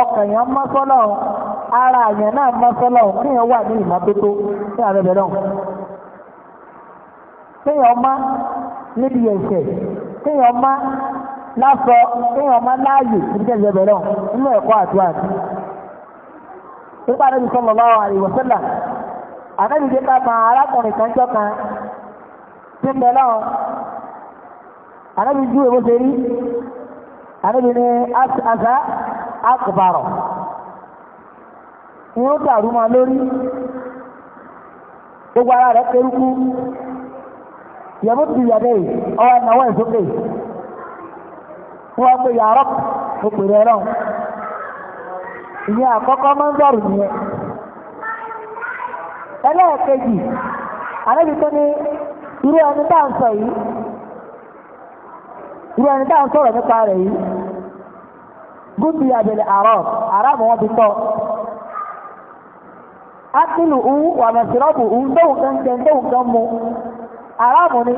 ọkàn ara èèyàn náà mọ́sọ́lọ́run kí èèyàn wà ní ìmọ́tótó kéèyàn má níbi ẹ̀ṣẹ̀ má má láàyè níbi bẹ̀rẹ̀ nínú ẹ̀kọ́ àti àti. nípa níbi sọ́mọ̀ bá wà ìwọ̀sẹ́là ànábì dé ká kan arákùnrin kan jọ kan tí ń lọ́wọ́ ju rí ní àṣà ma lórí gbogbo ara rẹ̀ kérúkú yàmùtù yàdé ọwọ́ ìnáwó ìsókè wọ́n gbé yàrá òpèrè ẹ̀rọ ìyẹn àkọ́kọ́ máa ń dọ̀rù nìyẹn ẹlẹ́ẹ̀kejì àlejò tó ní irú ẹni tá à yìí irú ẹni tá à ń sọ̀rọ̀ nípa yìí gúdù yàbẹ̀lẹ̀ àrọ̀ àrọ̀ àwọn ti aráàmù ni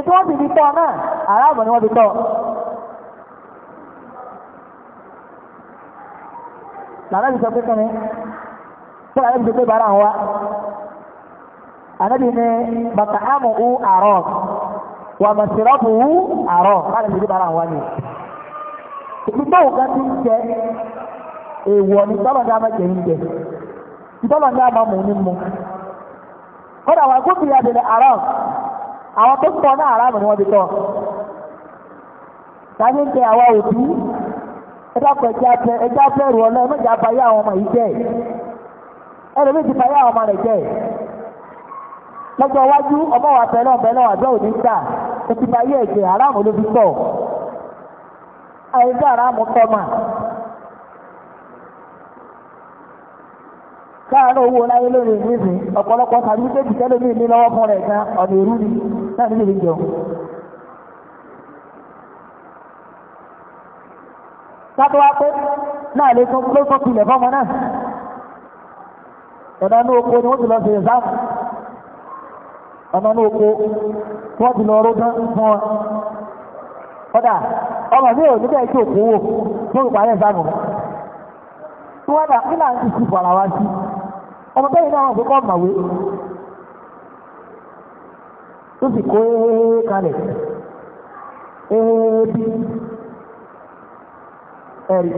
ètò wọ́n ti fi tọ́ náà aráàmù ni wọ́n ti tọ́ lànà ti sọ pé kẹ́ni tí lànà ti sọ pé bàrà wa ànábì ni bàtà àmù ú àrọ̀ wà màsìrọ́pù ú àrọ̀ lànà ti sọ bàrà wa ni ìpínlẹ̀ òkà ti ń jẹ èèwọ̀ ní tọ́lọ̀ ní àmà jẹ̀ ń jẹ tọ́lọ̀ ní àmà mù ní mu. kọ́dà àwọn agbóbi yà bẹ̀rẹ̀ àwọn tó sọ náà haram ni wọ́n ti tọ́ tàbí ń tẹ àwa òbí ẹjá pẹ̀ ẹjá bẹ̀rù ọ̀lẹ́ ẹ̀mẹ́jà bayé àwọn ọmọ yìí jẹ́ ẹlòmíì ti bayé àwọn ọmọ rẹ̀ jẹ́ lọ́jọ́ iwájú ọmọ wa bẹ̀rẹ̀ ọ̀bẹ̀rẹ̀ àjọ òní ti bayé ẹ̀jẹ̀ ló fi tọ̀ káàárọ̀ owó láyé lórí ìgbésí ọ̀pọ̀lọpọ̀ tàbí méjì tẹ́lẹ̀ ní ìlú lọ́wọ́ fún rẹ̀ gan ọ̀nà èrú ni náà nílé jẹun. sábà pé náà lè tún ló tún pilẹ̀ fọ́mọ náà ọ̀nà inú oko ni wọ́n ti lọ sí ọ̀nà oko wọ́n ti lọ rógán fún wọn. ọmọ mi ò tí òkú ọmọ bẹ́ẹ̀ náà fi kọ́ màwé ó sì kó ee kalẹ̀ ee bí ẹ̀rí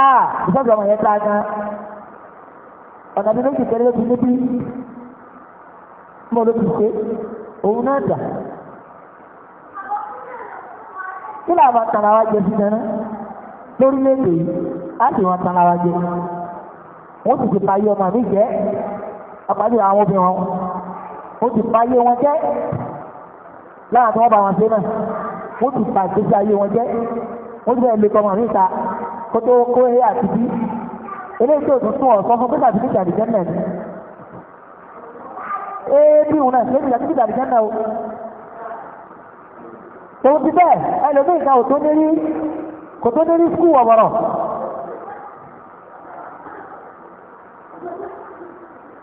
àà ìfẹ́jọ ọmọ yẹn tá a kan ọ̀nà bí méjì kẹrẹ́ lóbi níbí mọ́ ló fi ṣe òun náà dà kí làwọn tàn ara jẹ sí náà lórílẹ̀-èdè yìí á sì wọn tàn ara jẹ sí náà wọ́n ti ti báyé ọmọ mi jẹ́ apàdé àwọn obìnrin wọn ó ti báyé wọn jẹ́ lára tí wọ́n bá wọn ṣe náà ó ti bà ìgbésí ayé wọn jẹ́ ó ti bẹ̀rẹ̀ lè kọ́ ọmọ mi ta kó tó kó eré àti bí eléyìí tó tún tún ọ̀sán fún pé tàbí kíkà àdìjẹ́ náà ni ee bí òun náà ṣe é bí tàbí kíkà àdìjẹ́ o tòun ti bẹ́ẹ̀ ẹlòmíì kan ò tó ní rí kò tó ní skul ọ̀bọ̀rọ̀.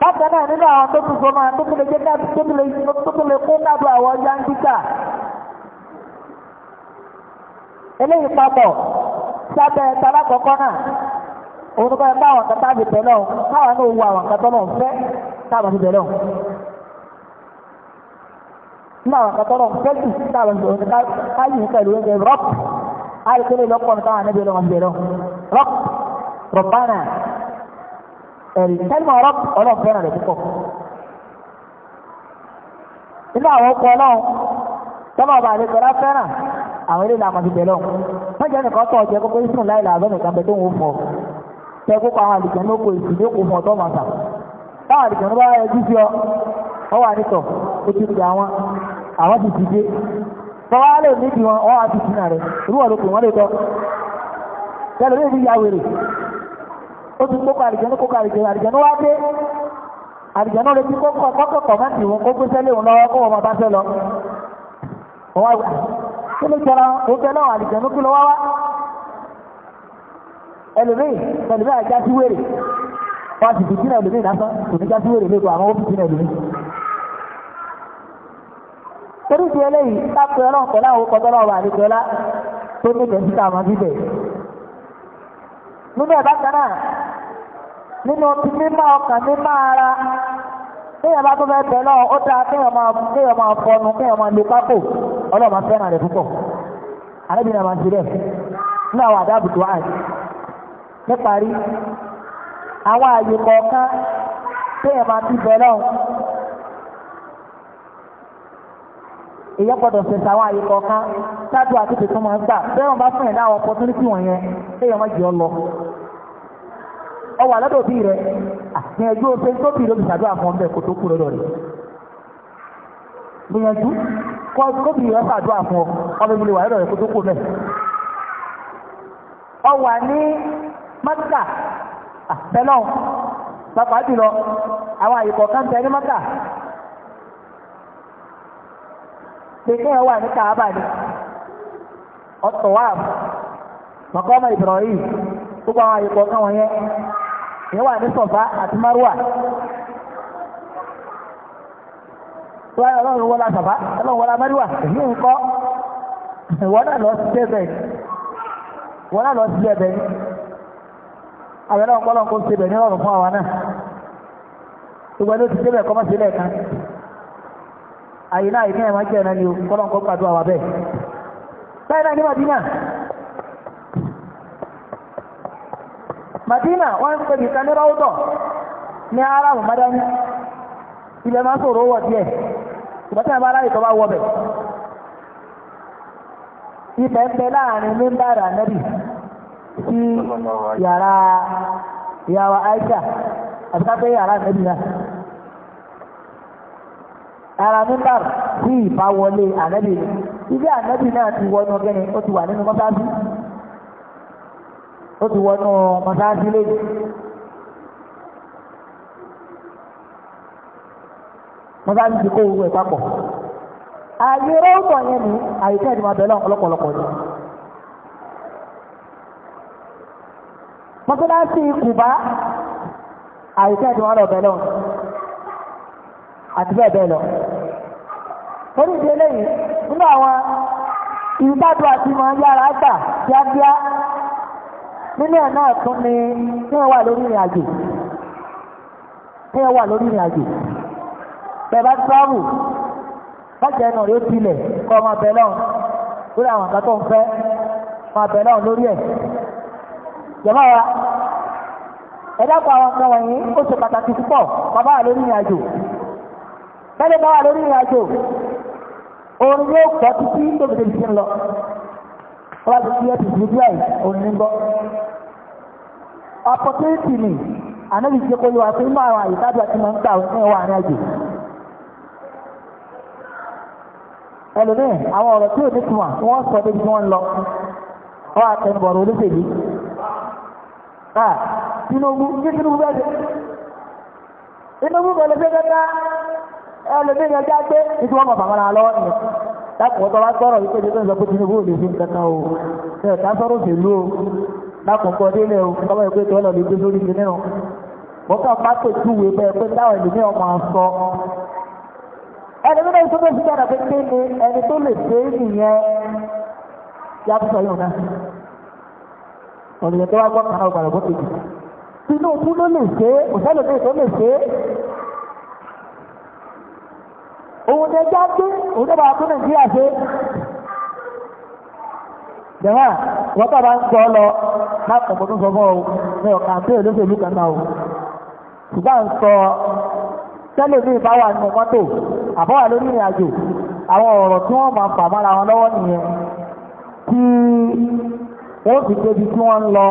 bákan náà nínú àwọn tó tún sọmọ tó tún lè jẹ tó tún lè tó tún lè kó dàbọ àwọn yánkíkà eléyìí papọ̀ sábẹ́ talákọ̀ọ́kọ́ náà òun bá bá àwọn kata fi tẹ̀lé ọ̀hún káwọn náà wo àwọn kata náà fẹ́ táwọn fi tẹ̀lé ọ̀hún. nínú àwọn kata náà fẹ́ jù táwọn fi tẹ̀lé ọ̀hún káyì ní pẹ̀lú oúnjẹ rọ́pù àìkélé lọ́pọ̀ ní káwọn anábìyẹn lọ́wọ́ fi tẹ̀lé ọ̀hún rọ́pù ẹ̀rí kẹ́lìmọ̀ ọrụ ọlọ́run fẹ́ràn rẹ̀ púpọ̀ nínú àwọn ọkọ̀ ọlọ́run tọ́lọ̀ ọba àlejò fẹ́ràn àwọn ilé ìlànà ti wọ́n jẹ́ nìkan tọ̀ ọjọ́ kókó ìsùn láì làbẹ́ nìkan bẹ tó ń fọ̀ tẹ́ kókó àwọn àlejò ní oko ìsìn fún màtà àlejò ní ẹjú sí ọ ọ wà ó ó ti kókó àlìjẹ́nú kókó àlìjẹ́nú àlìjẹ́nú wá dé àlìjẹ́nú lè ti kókó kọ́kọ́ mẹ́tì wọn kó gbéṣẹ́ léwọn lọ́wọ́ kó wọn bá fẹ́ lọ. wọ́n wá ah, kí ló jọra ó fẹ́ lọ́wọ́ àlìjẹ́nú kí ló wá wá. ẹlòmíì ẹlòmíì àjá sí wèrè wọ́n ti fìdí náà ẹlòmíì lásán kò ní já sí wèrè lẹ́kọ̀ọ́ àwọn ó fìdí náà ẹlòmíì. torí ti eléyìí tápù ẹlọ́n pẹ̀lú àwọn kọ́tọ́ náà wà àlejòlá tó ní ìbẹ̀síta àmọ́ bíbẹ̀. nínú ẹ̀ bákan náà nínú mímọ́ ọkàn mímọ́ ara kéèyàn bá tó fẹ́ bẹ̀ lọ ó dáa kéèyàn máa kéèyàn máa fọnu kéèyàn máa lo pákó ọlọ́ọ̀ fẹ́ràn rẹ̀ púpọ̀ àlébí àwọn àì níparí àwọn àyè kọ̀ọ̀kan kéèyàn máa ti bẹ̀ àwọn àyè ṣáájú àti tuntun bẹ́ẹ̀ bá fún ọwọ́ àlọ́dọ̀ òbí rẹ̀ àti ah, ẹjọ́ oṣù tó bì lóbi ṣàdúrà fún ọbẹ̀ kó tó kú lọ́dọ̀ rẹ̀ gbìyànjú kó bì rẹ̀ ṣàdúrà fún ọ wà lọ́dọ̀ rẹ̀ kó tó kú mẹ́ ní ah, jùlọ àwọn àyíkọ̀ kan ní mọ́tíkà ẹ̀ wà ní kàábà ni ọ̀tọ̀ wà gbogbo àwọn àyíkọ̀ ìyẹn wà ní a àti márùwà wọ́n ọlọ́run wọ́lá sọ̀fà ọlọ́run wọ́lá márùwà èyí ń kọ́ wọ́n náà lọ sí ẹbẹ̀ wọ́n náà lọ sí ẹbẹ̀ àwọn ẹlọ́run kọ́ lọ́nkó sí ẹbẹ̀ ní ọ̀rùn fún àwọn náà ìgbà ló ti débẹ̀ kọ́ mọ́ sílẹ̀ kan àyè náà ìpínlẹ̀ máa jẹ́ ẹ̀nà ni kọ́ lọ́nkó pàdó àwọn bẹ́ẹ̀ bẹ́ẹ̀ náà ní Màdínà Madina wọ́n ń pèbí kan ní ráwùtọ̀ ní ara mọ̀mọ́dá ní ilẹ̀ máa ń sòrò wọ̀ díẹ̀ ìgbà tí wọ́n bá ráyè tó bá wọ̀ bẹ̀. Ibẹ̀ ń bẹ láàrin mímbàrà nẹ́bì sí yàrá ìyàwó Aisha àti kápẹ́ yàrá nẹ́bì náà ara mímbàrà sí ìbáwọlé ànẹ́bì ibi ànẹ́bì náà ti wọnú gẹ́ni ó ti wà nínú mọ́sáàsì. ó ti wọnú mọ́sáàsì lẹ́yìn. mọ́sáàsì ti kó owó ẹ̀ papọ̀. ààyè rọ́ọ̀mù yẹn ni àyíká ìdìbò abẹ́lẹ́ ọ̀pọ̀lọpọ̀ ni. mọ́sáàsì kùbá àyíká ìdìbò abẹ́lẹ́ ọ̀n àti bẹ́ẹ̀ bẹ́ẹ̀ lọ. orí ìdílé yìí nínú àwọn ìdádùn àti ìmọ̀ yára gbà kíákíá. nínú ẹ̀ náà tún ni kí ẹ wà lórí ìrìn àjò kí ẹ wà lórí ìrìn àjò bẹ̀bá tíráàbù bàjẹ́ ẹnu rẹ̀ tilẹ̀ kọ́ ọmọ abẹ náà lórí àwọn àgbà tó ń fẹ́ ọmọ abẹ náà lórí ẹ̀ jọba wa ẹ̀dá pa àwọn ọmọ wọ̀nyí ó ṣe pàtàkì púpọ̀ bàbá wà lórí ìrìn àjò bẹ́ẹ̀ bá wà lórí ìrìn àjò orin yóò pọ̀ títí tó fi tẹ̀lé ń lọ. wọ́n láti fi ẹ̀sìn ìlú díẹ̀ onígbọ́. opportunity ni ànábì ṣe kó yọ àti inú àwọn àyíkájọ tí wọ́n ń gbà ní ẹwà àárín àjò. ẹlòmíì àwọn ọ̀rọ̀ tí ò ní tuma wọ́n sọ débi tí wọ́n lọ wọ́n àtẹnubọ̀rọ̀ olóṣèlú. Tinubu ní Tinubu bẹ́ẹ̀ dé. Tinubu kò lè ṣe kẹta ẹlòmíì yẹn já gbé ìtumọ̀ bàbá lọ́wọ́ nìyẹn. dákùn tó bá sọ̀rọ̀ wípé jẹ́ tó ń sọ pé Tinubu ò lè fi nǹkan o ṣe ọ̀tá sọ̀rọ̀ òṣèlú o dákùn kọ délẹ̀ o tọ́wọ́ ìpé tó lọ lè gbé sórí ilé náà wọ́n kàn bá pè túwé bẹ́ẹ̀ pé táwọn ìlúmí ọmọ sọ ẹni tó lè tó lè fi dára pé pé ni ẹni tó lè dé nìyẹn yá tó sọ yóò náà ọ̀nìyàn tó wá gbọ́ kàn án ọ̀gbàlẹ̀ bó ti Tinubu ló lè ṣe òṣèlú òun tẹ já dé òun tẹ bá tún nàìjíríà ṣe jẹ̀wá wọ́n tó bá ń sọ lọ láti ọ̀pọ̀ tó sọ fún ọ ní ọ̀kà àti olóṣèlú kan náà o ṣùgbọ́n à ń sọ tẹ́lẹ̀ ní ìbáwà ní mọ́tò àbọ̀wà lórí ìrìn àjò àwọn ọ̀rọ̀ tí wọ́n máa fà mára wọn lọ́wọ́ nìyẹn tí wọ́n fi débi tí wọ́n ń lọ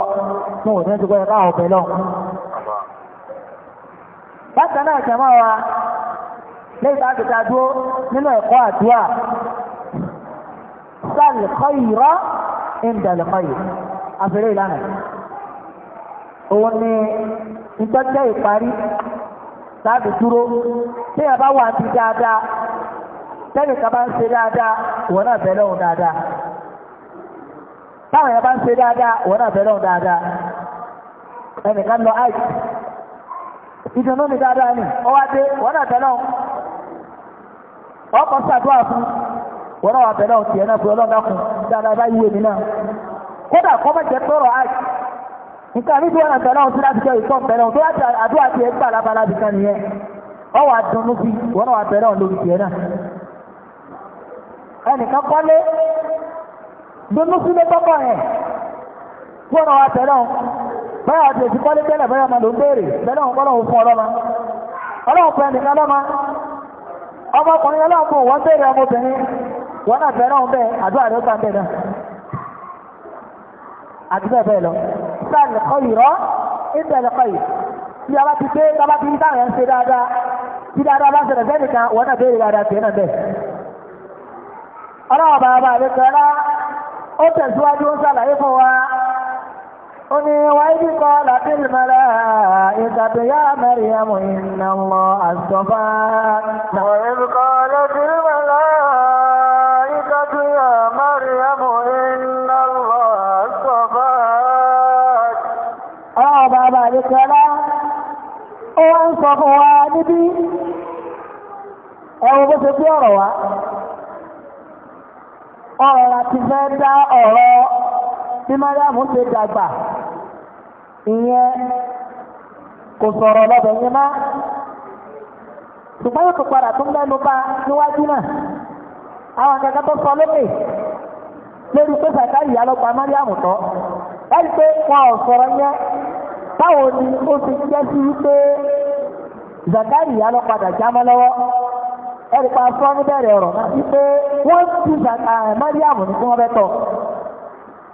fún òní ẹ̀dùgbọ́n ẹ̀ká ọ̀bẹ lọ. bákan náà jẹ̀mọ́ wa lẹ́yìn bá tẹ̀ta dúró nínú ẹ̀kọ́ àdúrà sáàlì kọ́yìrọ́ ìndàlẹ̀ kọ́yì àfẹ́rẹ́ ìlànà òun ni ìtọ́jẹ́ ìparí láti dúró tí ẹ bá wà ní dáadáa lẹ́yìn ká bá ń ṣe dáadáa ìwọ náà bẹ̀rẹ̀ òun dáadáa táwọn ẹ̀ bá ń ṣe dáadáa ìwọ náà bẹ̀rẹ̀ òun dáadáa ẹnìkan lọ àìsí ìdùnnú mi dáadáa ni ọwọ́ adé ìwọ náà bẹ̀rẹ̀ òun. ọkọ̀ fún wọn náà wà bẹ̀rẹ̀ dáadáa mi náà kódà tọrọ nǹkan náà bẹ̀rẹ̀ láti jẹ́ ìtọ́ bẹ̀rẹ̀ láti àdúrà tí ẹ gbà lábala nìyẹn ọ wà dunnú sí wọn náà wà bẹ̀rẹ̀ ọ̀tì lórí náà ẹnìkan kọ́lé dunnú sí lé tọ́kọ̀ yẹn tí náà wà bẹ̀rẹ̀ ọ̀tì báyà àti èsì kọ́lé tẹ́lẹ̀ báyà máa ọmọkùnrin ọlọ́pù wọ́n bẹ̀rẹ̀ ọmọbìnrin wọ́n náà fẹ́ràn bẹ́ẹ̀ àdúrà rẹ̀ ọ̀tà bẹ́ẹ̀ náà àti bẹ́ẹ̀ bẹ́ẹ̀ lọ yìí ti ń ń ṣe dáadáa tí dáadáa bá ṣẹlẹ̀ bẹ́ẹ̀ nìkan wọ́n náà bẹ́ẹ̀. ọlọ́wọ́ bàbá أني وإذ قالت الملائكة يا مريم إن الله اصطفاك وإذ قالت الملائكة يا مريم إن الله اصطفاك أه بابا لكلا وانصفوا نبي أو بس يروا أو لا تفدى أو bí mariamu ṣe dàgbà ìyẹn kò sọ̀rọ̀ lọ́bẹ̀ yẹn má ṣùgbọ́n yóò tó padà tó ń lẹ́nu bá níwájú náà àwọn akẹ́kẹ́ tó sọ lókè lórí pé sàkà ìyá ló pa mariamu tọ́ láti pé wọn ò sọ̀rọ̀ yẹn báwo ni ó ti jẹ́ sí wípé zakariya ló padà jámọ́ lọ́wọ́ ẹ̀rí pa sọ níbẹ̀rẹ̀ ọ̀rọ̀ náà wípé wọ́n ti mariamu ní kí wọ́n bẹ́ tọ́.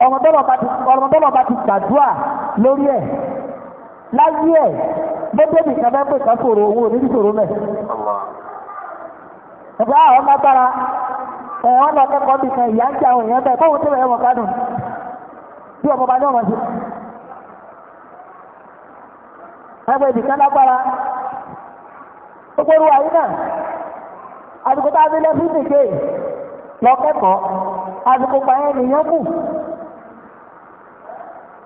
ọ̀rọ̀mọdọ́lọ̀ bá ti gbàdúrà lórí ẹ̀ láyé ẹ̀ gbogbo nìkan bá pè ká sọ̀rọ̀ owó onídìí sọ̀rọ̀ mẹ́. ẹ̀fọ́ àwọn ah, ọmọ agbára ẹ̀wọ̀n lọ kẹ́kọ̀ọ́ nìkan ìyá ń jẹ àwọn èèyàn bẹ́ẹ̀ báwo tẹ́lẹ̀ ẹ̀wọ̀n kánú bí ọmọ bá ní ọmọ sí. ẹgbẹ́ nìkan lágbára gbogbo ìwà yìí náà àdìgbò tá a ní lẹ́sìn nìkan lọ kẹ́kọ̀ọ́ àdìgbò gbà yẹn nìyẹn kù.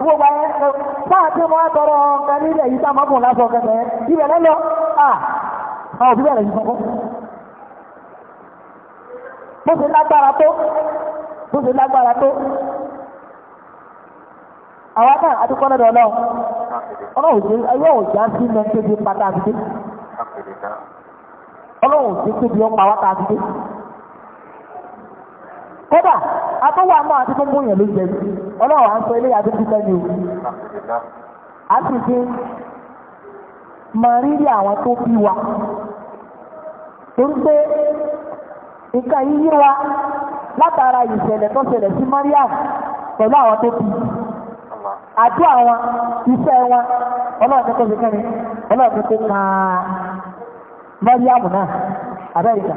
gbogbo ayé sáà tí wọ́n tọrọ ọ̀kan nílẹ̀ yìí sáà mọ́kùn lásán kẹfẹ́ ibẹ̀ lọ́lọ́ à àwọn òbí bẹ̀rẹ̀ yìí sọ́kọ́ bó ṣe lágbára tó bó ṣe lágbára tó àwọn náà adúgbò lọ́dọ̀ ọlọ́run ọlọ́run ṣe ayé òjá sí mẹ́tẹ́bí pátá àbídé ọlọ́run ṣe kébi ọ̀pá wákàtí kódà àtúwà mọ́ àti tó yẹn ló jẹ ọla à ń sọ ilé àti ni o a sì fi àwọn tó wa torí pé nǹkan yìí yé wa látara ìṣẹ̀lẹ̀ tó sí Mariam àwọn tó fi àwọn wọn tó Mariam náà abẹ́rẹ́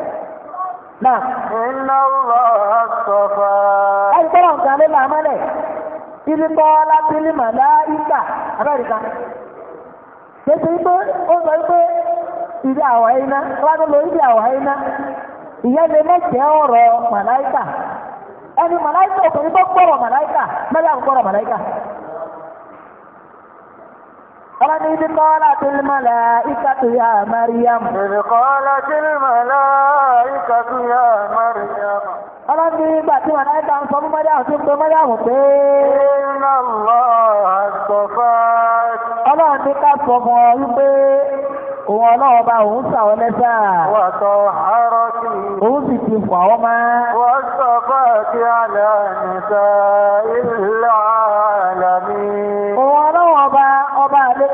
náà. iná lọ sọfà. ẹni tó ràn kan lé máa mọ́lẹ̀ tìlí tọ́lá tìlí màlá ìgbà abẹ́rìkà. kéṣe wípé ó sọ wípé ìdí àwọ̀ iná wọ́n lọ ìdí àwọ̀ iná ìyẹn lè mẹ́jẹ̀ ọ̀rọ̀ màláìkà فإذ قالت الملائكة يا مريم إذ قالت الملائكة يا مريم Ọlọ́run ní ìgbà tí wọ́n láìka ń sọ fún Mọ́ríàmù tí ń pe Mọ́ríàmù pé. Iná lọ àtọ̀fà. Ọlọ́run ní ká sọ fún ọ wípé òun ọlọ́run bá òun sà ọ lẹ́sà. Wà sọ àárọ̀ sí. Òun sì ti fọ̀ ọ́ mọ́. Wọ́n sọ fún àti àlẹ́ nìkan ìlú àlàmí.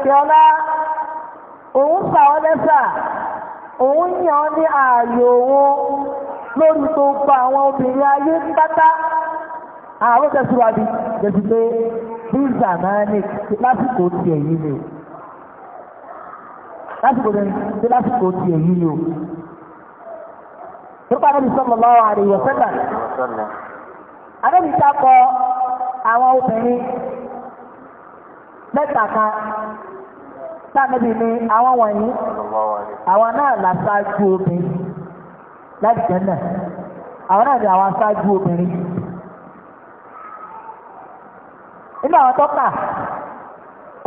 àdéọlá òun kà ọ́ lẹ́sà òun yàn ọ ní ààyò òun lórí gbogbo àwọn obìnrin ayé pátá àwọn tẹ̀síwájú jẹ́bi pé bíza náà ní lásìkò ti èyí ni lásìkò ti lásìkò ti èyí ni o nípa níbi sallallahu alaihi kọ àwọn obìnrin mẹ́ta kan. sáàmẹ́bí ni àwọn wọ̀nyí àwọn náà làṣáájú obìnrin láti jẹ́ náà àwọn náà ni àwọn obìnrin nínú àwọn tọ́ka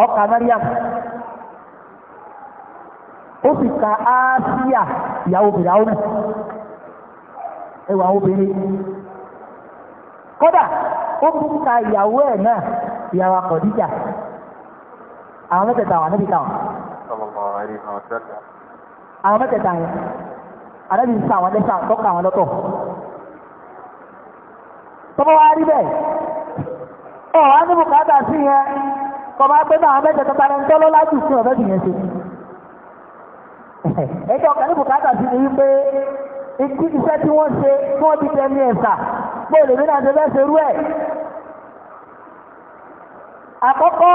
ọkà Mariam ka áásíà ìyàwó obìnrin àwọn ẹwà obìnrin kódà ó ìyàwó ẹ̀ náà ìyàwó akọ̀díjà. àwọn mẹ́tẹ̀ẹ̀ta àwọn anábì táwọn. àwọn mẹ́tẹ̀ẹ̀ta yẹn anábì ń sa àwọn ẹlẹ́sà tọ́ka àwọn lọ́tọ̀. tọ́mọ wa rí bẹ́ẹ̀ ọ̀ wá ní bùkátà sí yẹn kọ́mọ pé náà àwọn mẹ́tẹ̀ẹ̀ta ń tọ́lọ́ lájú fún ọ̀fẹ́ sì yẹn ṣe. ẹjọ́ kan ní bùkátà sí ni wípé iṣẹ́ tí wọ́n ṣe tí wọ́n ti tẹ̀ ní ẹ̀sà pé èlèmí náà ṣe fẹ́ ṣerú ẹ̀. àkọ́kọ́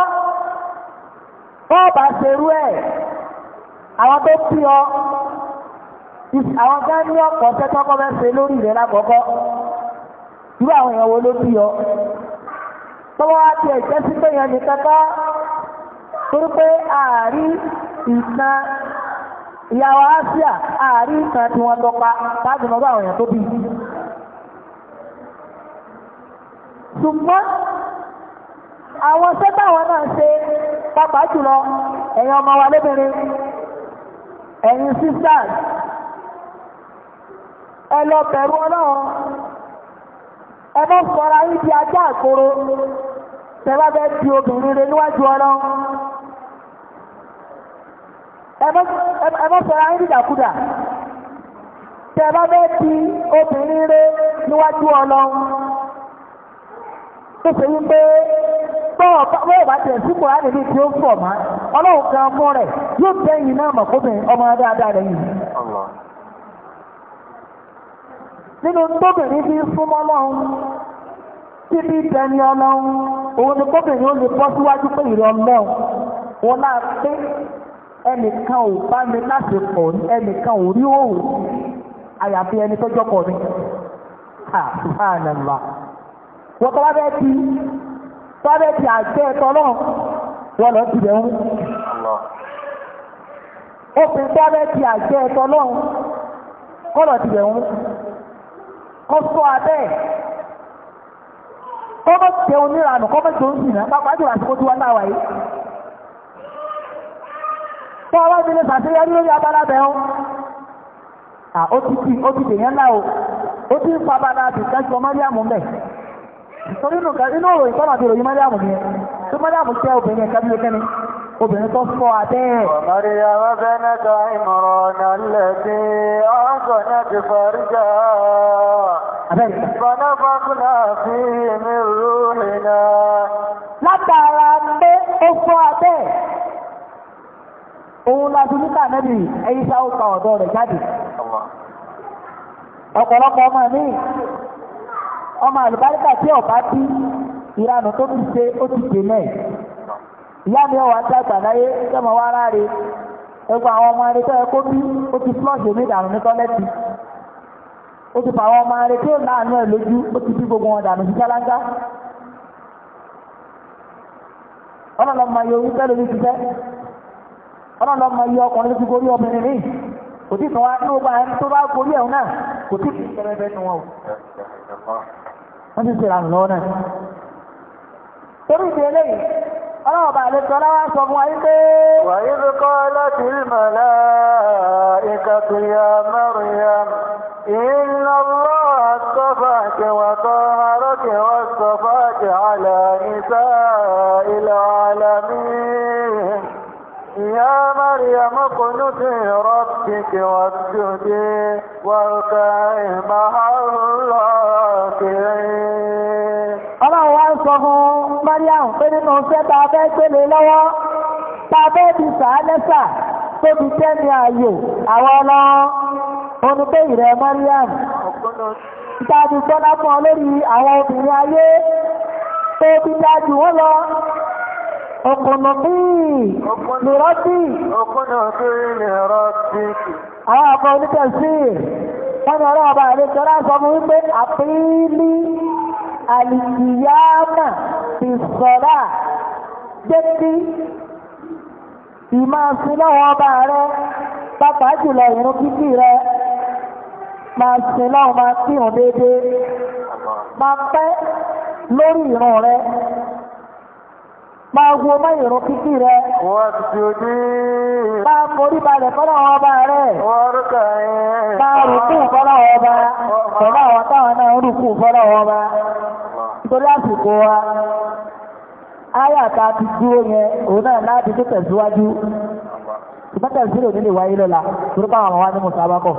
bọ́ọ̀bà ṣerú ẹ̀ àwọn tó pí ọ àwọn gán ní ọ̀pọ̀ tẹ́tọ́ kọ́ fẹ́ ṣe lórí ìrẹ́lá kọ́kọ́ irú àwọn èèyàn wo ló pí ọ tọ́wọ́ á ti ẹ̀jẹ́ sí pé yẹn nìkan ká torí pé ààrí ìtàn ìyàwó Asia ààrí ìtàn tí wọ́n tọpa láti mọ́ bá àwọn èèyàn tó bí ṣùgbọ́n àwọn sẹ́tàwọn náà ṣe pápá jùlọ ẹ̀yin ọmọ wa lóbìnrin ẹ̀yin sisters ẹ lọ bẹ̀rù ọlọ́run ẹ mọ́ sọ́ra yín di ajá àkóró tẹ́lá bẹ́ẹ̀ di obìnrin rẹ níwájú ọlọ́run ẹ mọ́ sọ́ra yín dìdàkudà tẹ́lá bẹ́ẹ̀ di obìnrin rẹ níwájú ọlọ́run tó ṣe wípé tọ́wọ́ bọ́ọ̀ bá tẹ̀ sí kùránì ní tí ó fọ̀ mọ́ ọlọ́run kan fún rẹ̀ yóò tẹ́yìn náà mọ̀kóbìnrin ọmọ dáadáa rẹ̀ yìí. nínú tóbìnrin fi súnmọ́ lọ́hún tí bí tẹni ọlọ́hún òun ni tóbìnrin ó lè bọ́ síwájú pé ìrọ̀ lọ́hún wọn náà pé ẹnìkan ò bá mi láti pọ̀ ẹnìkan ò rí òun àyàfi ẹni tó mi. ha subhanallah wọ́n tọ́wọ́ bẹ́ẹ̀ sáré ti àjẹ́ ẹ̀tọ́ náà wọ́n lọ ti bẹ̀rún obìnrin sáré ti àjẹ́ ẹ̀tọ́ náà wọ́n lọ ti bẹ̀rún kó sọ abẹ́ kọ́mọ̀ tẹ oníranù kọ́mọ̀ tó ń sìn náà pápá jù àsìkò tí wọ́n náà wáyé tó ọwọ́ ìdílé sàṣeyọrí lórí abala bẹ̀rún ó ti tèèyàn náà ó ti ń fa abala àti ìtẹ́sọ̀ mọ́ríàmù mẹ́ torí inú ọ̀rọ̀ ìtọ́nà àti ìròyìn mọ́lẹ́àmù ni tó mọ́lẹ́àmù jẹ́ obìnrin ẹ̀ka bí ẹkẹ́ni obìnrin tó fọ́ abẹ́ ẹ̀. ọ̀mọ́ríyá wọ́n fẹ́ nẹ́ta ìmọ̀ràn lẹ́tí ọ̀gọ̀ náà ti fọ́ríjà. ọ̀pọ̀lọpọ̀ ọmọ mi ọmọ àlùbáríkà tí ọba bí ìranù tó ti ṣe ó ti dè náà ìyá mi ọwà ń dàgbà láyé sọmọ wa ráre ẹgbẹ àwọn ọmọ ẹni tó yẹ kó bí ó ti flọ́ọ̀ṣì omi dànù ní ó ti fà ọmọ tó láàánú gbogbo wọn dànù sí ní ti ọkùnrin kò tí kan wá ní gbogbo àwọn tó bá gorí ẹ̀hún náà kò tí kìí kẹrẹbẹ nu wọn o wọ́n ti ṣe ìlànà lọ́wọ́ náà torí ìdí eléyìí ọlọ́wọ́ bá lè tọ́lá wá sọ fún wa yí pé wàyí fi kọ́ láti rí màlá ìkàtúyà Maryam إن الله اصطفاك وطهرك واصطفاك على نساء العالمين يا مريم اقنتي ربك واسجدي واركعي مع الراكعين ọlọ́run wá ń sọ fún mariam pé nínú iṣẹ́ tá a fẹ́ gbélé lọ́wọ́ tá a fẹ́ fi sàá lẹ́sà tó fi jẹ́ ọkọ̀nà ní rọ́bì àwọn àkọ́ onítẹ̀sí wọ́n ni ọlọ́ọ̀bà àlejò láti ọmọ wípé àpílí àlìkìyámà ti sọ̀rá gbẹ́tí ìmá sí lọ́wọ́ ọba rẹ pápá jùlọ Máa wo mọ́ ìrún kíkí rẹ̀. Wọ́n ti ti ojú. Máa forí balẹ̀ fọ́nà ọba rẹ̀. Wọ́n rúkà ẹ̀. Máa rùkú fọ́nà ọba. Pẹ̀lú àwọn táwọn náà ń rùkú fọ́nà ọba. Nítorí àsìkò wa, áyàtà ti dúró yẹn, òun náà láti tó tẹ̀síwájú. Ìbátẹ̀ ìṣirò nílé wáyé lọ́la, torí báwọn àwọn wa ní Mùsàbákọ̀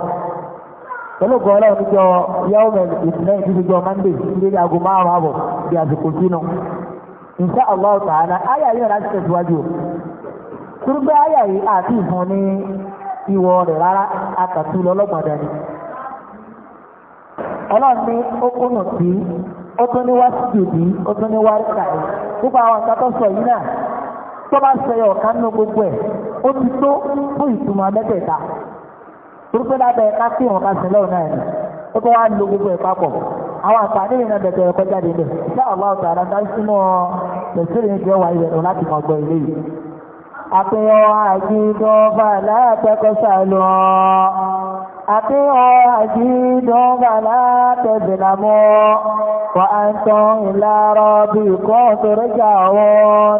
pẹ̀lú ọgọ́ ọlọ́run níjọ yahoo men ìtìlẹ́yìn ní aago márùn-ún àbọ̀ bí àsìkò sínú insha Allah ta'ala ayayi na rárá ti tẹ̀síwájú o turugbe ayayi ati àti ìfún ní ìwọ rẹ̀ rárá akàtú lọ́lọ́gbọ̀n dání ọlọ́run ní ní wá sídìí bí ó tún ní wá rí gbogbo sọ yìí náà tọba sọ gbogbo ti ó tó wá lo gbogbo ẹ̀ papọ̀ àwọn àǹfààní yìí náà bẹ̀tẹ̀ ẹ̀kọ́ jáde lẹ̀ ṣé àwọn ọ̀tà àdáńdá sínú tẹ̀síìrì ní ìjọba ìbẹ̀rù láti mọ̀ gbọ́ ilé yìí. àpéyọ àjídọ́fà látẹ̀kọ́sà lọ àpéyọ àjídọ́fà látẹ̀bìnàmọ́ wà á ń tán ìlàrọ̀ bí kò tó rẹ́jà wọn.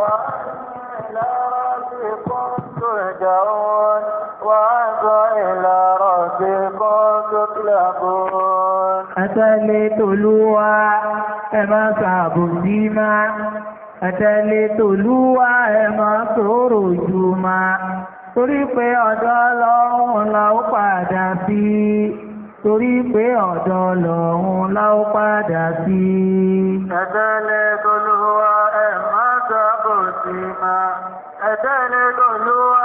وإلى ربكم ترجعون وأنتم إلى ربكم تقلبون أتلي تلوى أما صعب ديما أتلي تلوى أما صور جوما torí pé ọ̀dọ̀ ọlọ́run la ó padà sí torí pé ọ̀dọ̀ ọlọ́run la ó padà sí. ẹ̀dẹ́lẹ̀ tolúwa ẹ̀mọ́ ẹ̀dá ẹlẹ́dọ̀ ló wá.